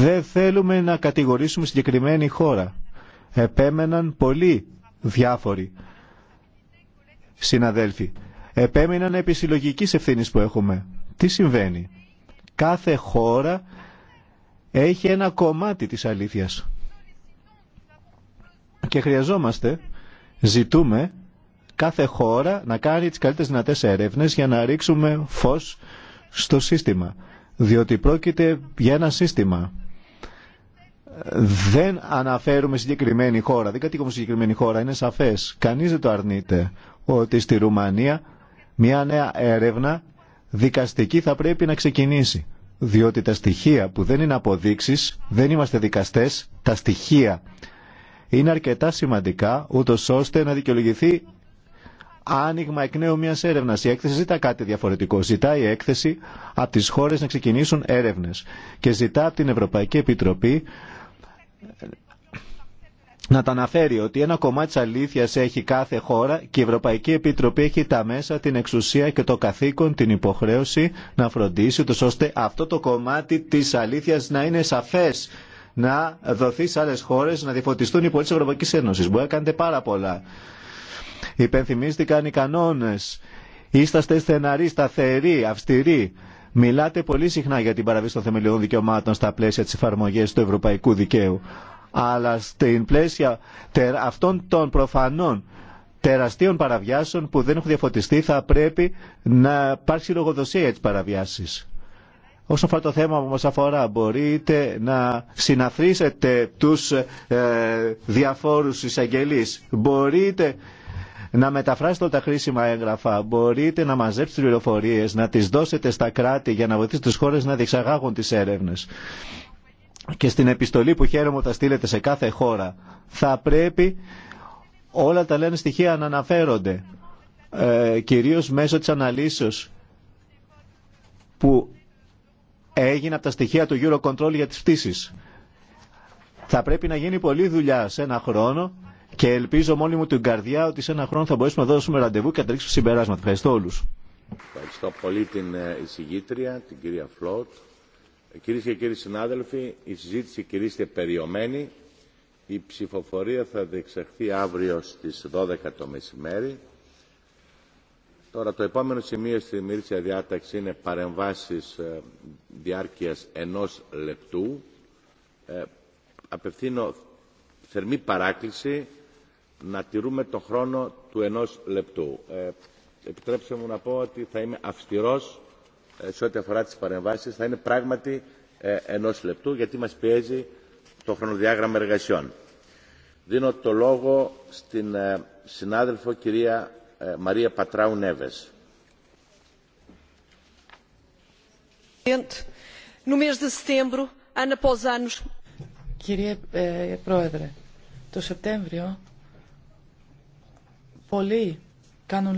Δεν θέλουμε να κατηγορήσουμε συγκεκριμένη χώρα. Επέμεναν πολλοί διάφοροι συναδέλφοι επέμειναν επί συλλογικής ευθύνης που έχουμε. Τι συμβαίνει. Κάθε χώρα έχει ένα κομμάτι της αλήθειας. Και χρειαζόμαστε, ζητούμε κάθε χώρα να κάνει τις καλύτερες δυνατές έρευνες για να ρίξουμε φως στο σύστημα. Διότι πρόκειται για ένα σύστημα. Δεν αναφέρουμε συγκεκριμένη χώρα, δεν κατοικούμε συγκεκριμένη χώρα, είναι σαφές. Κανείς δεν το αρνείται ότι στη Ρουμανία μια νέα έρευνα δικαστική θα πρέπει να ξεκινήσει. Διότι τα στοιχεία που δεν είναι αποδείξεις, δεν είμαστε δικαστές, τα στοιχεία είναι αρκετά σημαντικά, ούτω ώστε να δικαιολογηθεί άνοιγμα εκ νέου μια έρευνα. Η έκθεση ζητά κάτι διαφορετικό. Ζητά η έκθεση από τις χώρες να ξεκινήσουν έρευνες. και ζητά από την Ευρωπαϊκή Επιτροπή να τα αναφέρει ότι ένα κομμάτι της αλήθειας έχει κάθε χώρα και η Ευρωπαϊκή Επιτροπή έχει τα μέσα, την εξουσία και το καθήκον, την υποχρέωση να φροντίσει τους, ώστε αυτό το κομμάτι της αλήθειας να είναι σαφές να δοθεί σε άλλες χώρες, να διαφωτιστούν οι πολίτες της Ευρωπαϊκής Ένωσης. Μπορεί να κάνετε πάρα πολλά. Υπενθυμίστηκαν οι κανόνες. Είσαστε στεναροί, σταθεροί, αυστηροί. Μιλάτε πολύ συχνά για την παραβίαση των θεμελιών δικαιωμάτων στα πλαίσια της εφαρμογής του ευρωπαϊκού δικαίου αλλά στην πλαίσια αυτών των προφανών τεραστίων παραβιάσεων που δεν έχουν διαφωτιστεί θα πρέπει να υπάρξει λογοδοσία για τις παραβιάσεις. Όσον αφορά το θέμα που μας αφορά, μπορείτε να συναθρήσετε τους ε, διαφόρους εισαγγελείς. Μπορείτε να μεταφράσετε όλα τα χρήσιμα έγγραφα. Μπορείτε να μαζέψετε τις πληροφορίες, να τις δώσετε στα κράτη για να βοηθήσετε τις χώρες να διεξαγάγουν τις έρευνες και στην επιστολή που χαίρομαι θα στείλετε σε κάθε χώρα θα πρέπει όλα τα λένε στοιχεία να αναφέρονται ε, κυρίως μέσω της αναλύσεως που έγινε από τα στοιχεία του Eurocontrol για τις πτήσεις. Θα πρέπει να γίνει πολλή δουλειά σε ένα χρόνο και ελπίζω μόνη μου την καρδιά ότι σε ένα χρόνο θα μπορέσουμε να δώσουμε ραντεβού και να τρέξουμε συμπεράσματα. Ευχαριστώ όλους. Ευχαριστώ πολύ την ε, εισηγήτρια, την κυρία Φλότ. Κυρίε και κύριοι συνάδελφοι, η συζήτηση κηρύσσεται περιομένη. Η ψηφοφορία θα διεξαχθεί αύριο στις 12 το μεσημέρι. Τώρα το επόμενο σημείο στη μίλησια διάταξη είναι παρεμβάσει ε, διάρκεια ενός λεπτού. Ε, απευθύνω θερμή παράκληση να τηρούμε τον χρόνο του ενός λεπτού. Ε, επιτρέψτε μου να πω ότι θα είμαι αυστηρός ε, σε ό,τι αφορά τις παρεμβάσεις θα είναι πράγματι ε, ενός λεπτού γιατί μας πιέζει το χρονοδιάγραμμα εργασιών. Δίνω το λόγο στην ε, συνάδελφο κυρία Μαρία Πατράου Νέβες. Κύριε Πρόεδρε, το Σεπτέμβριο πολλοί κάνουν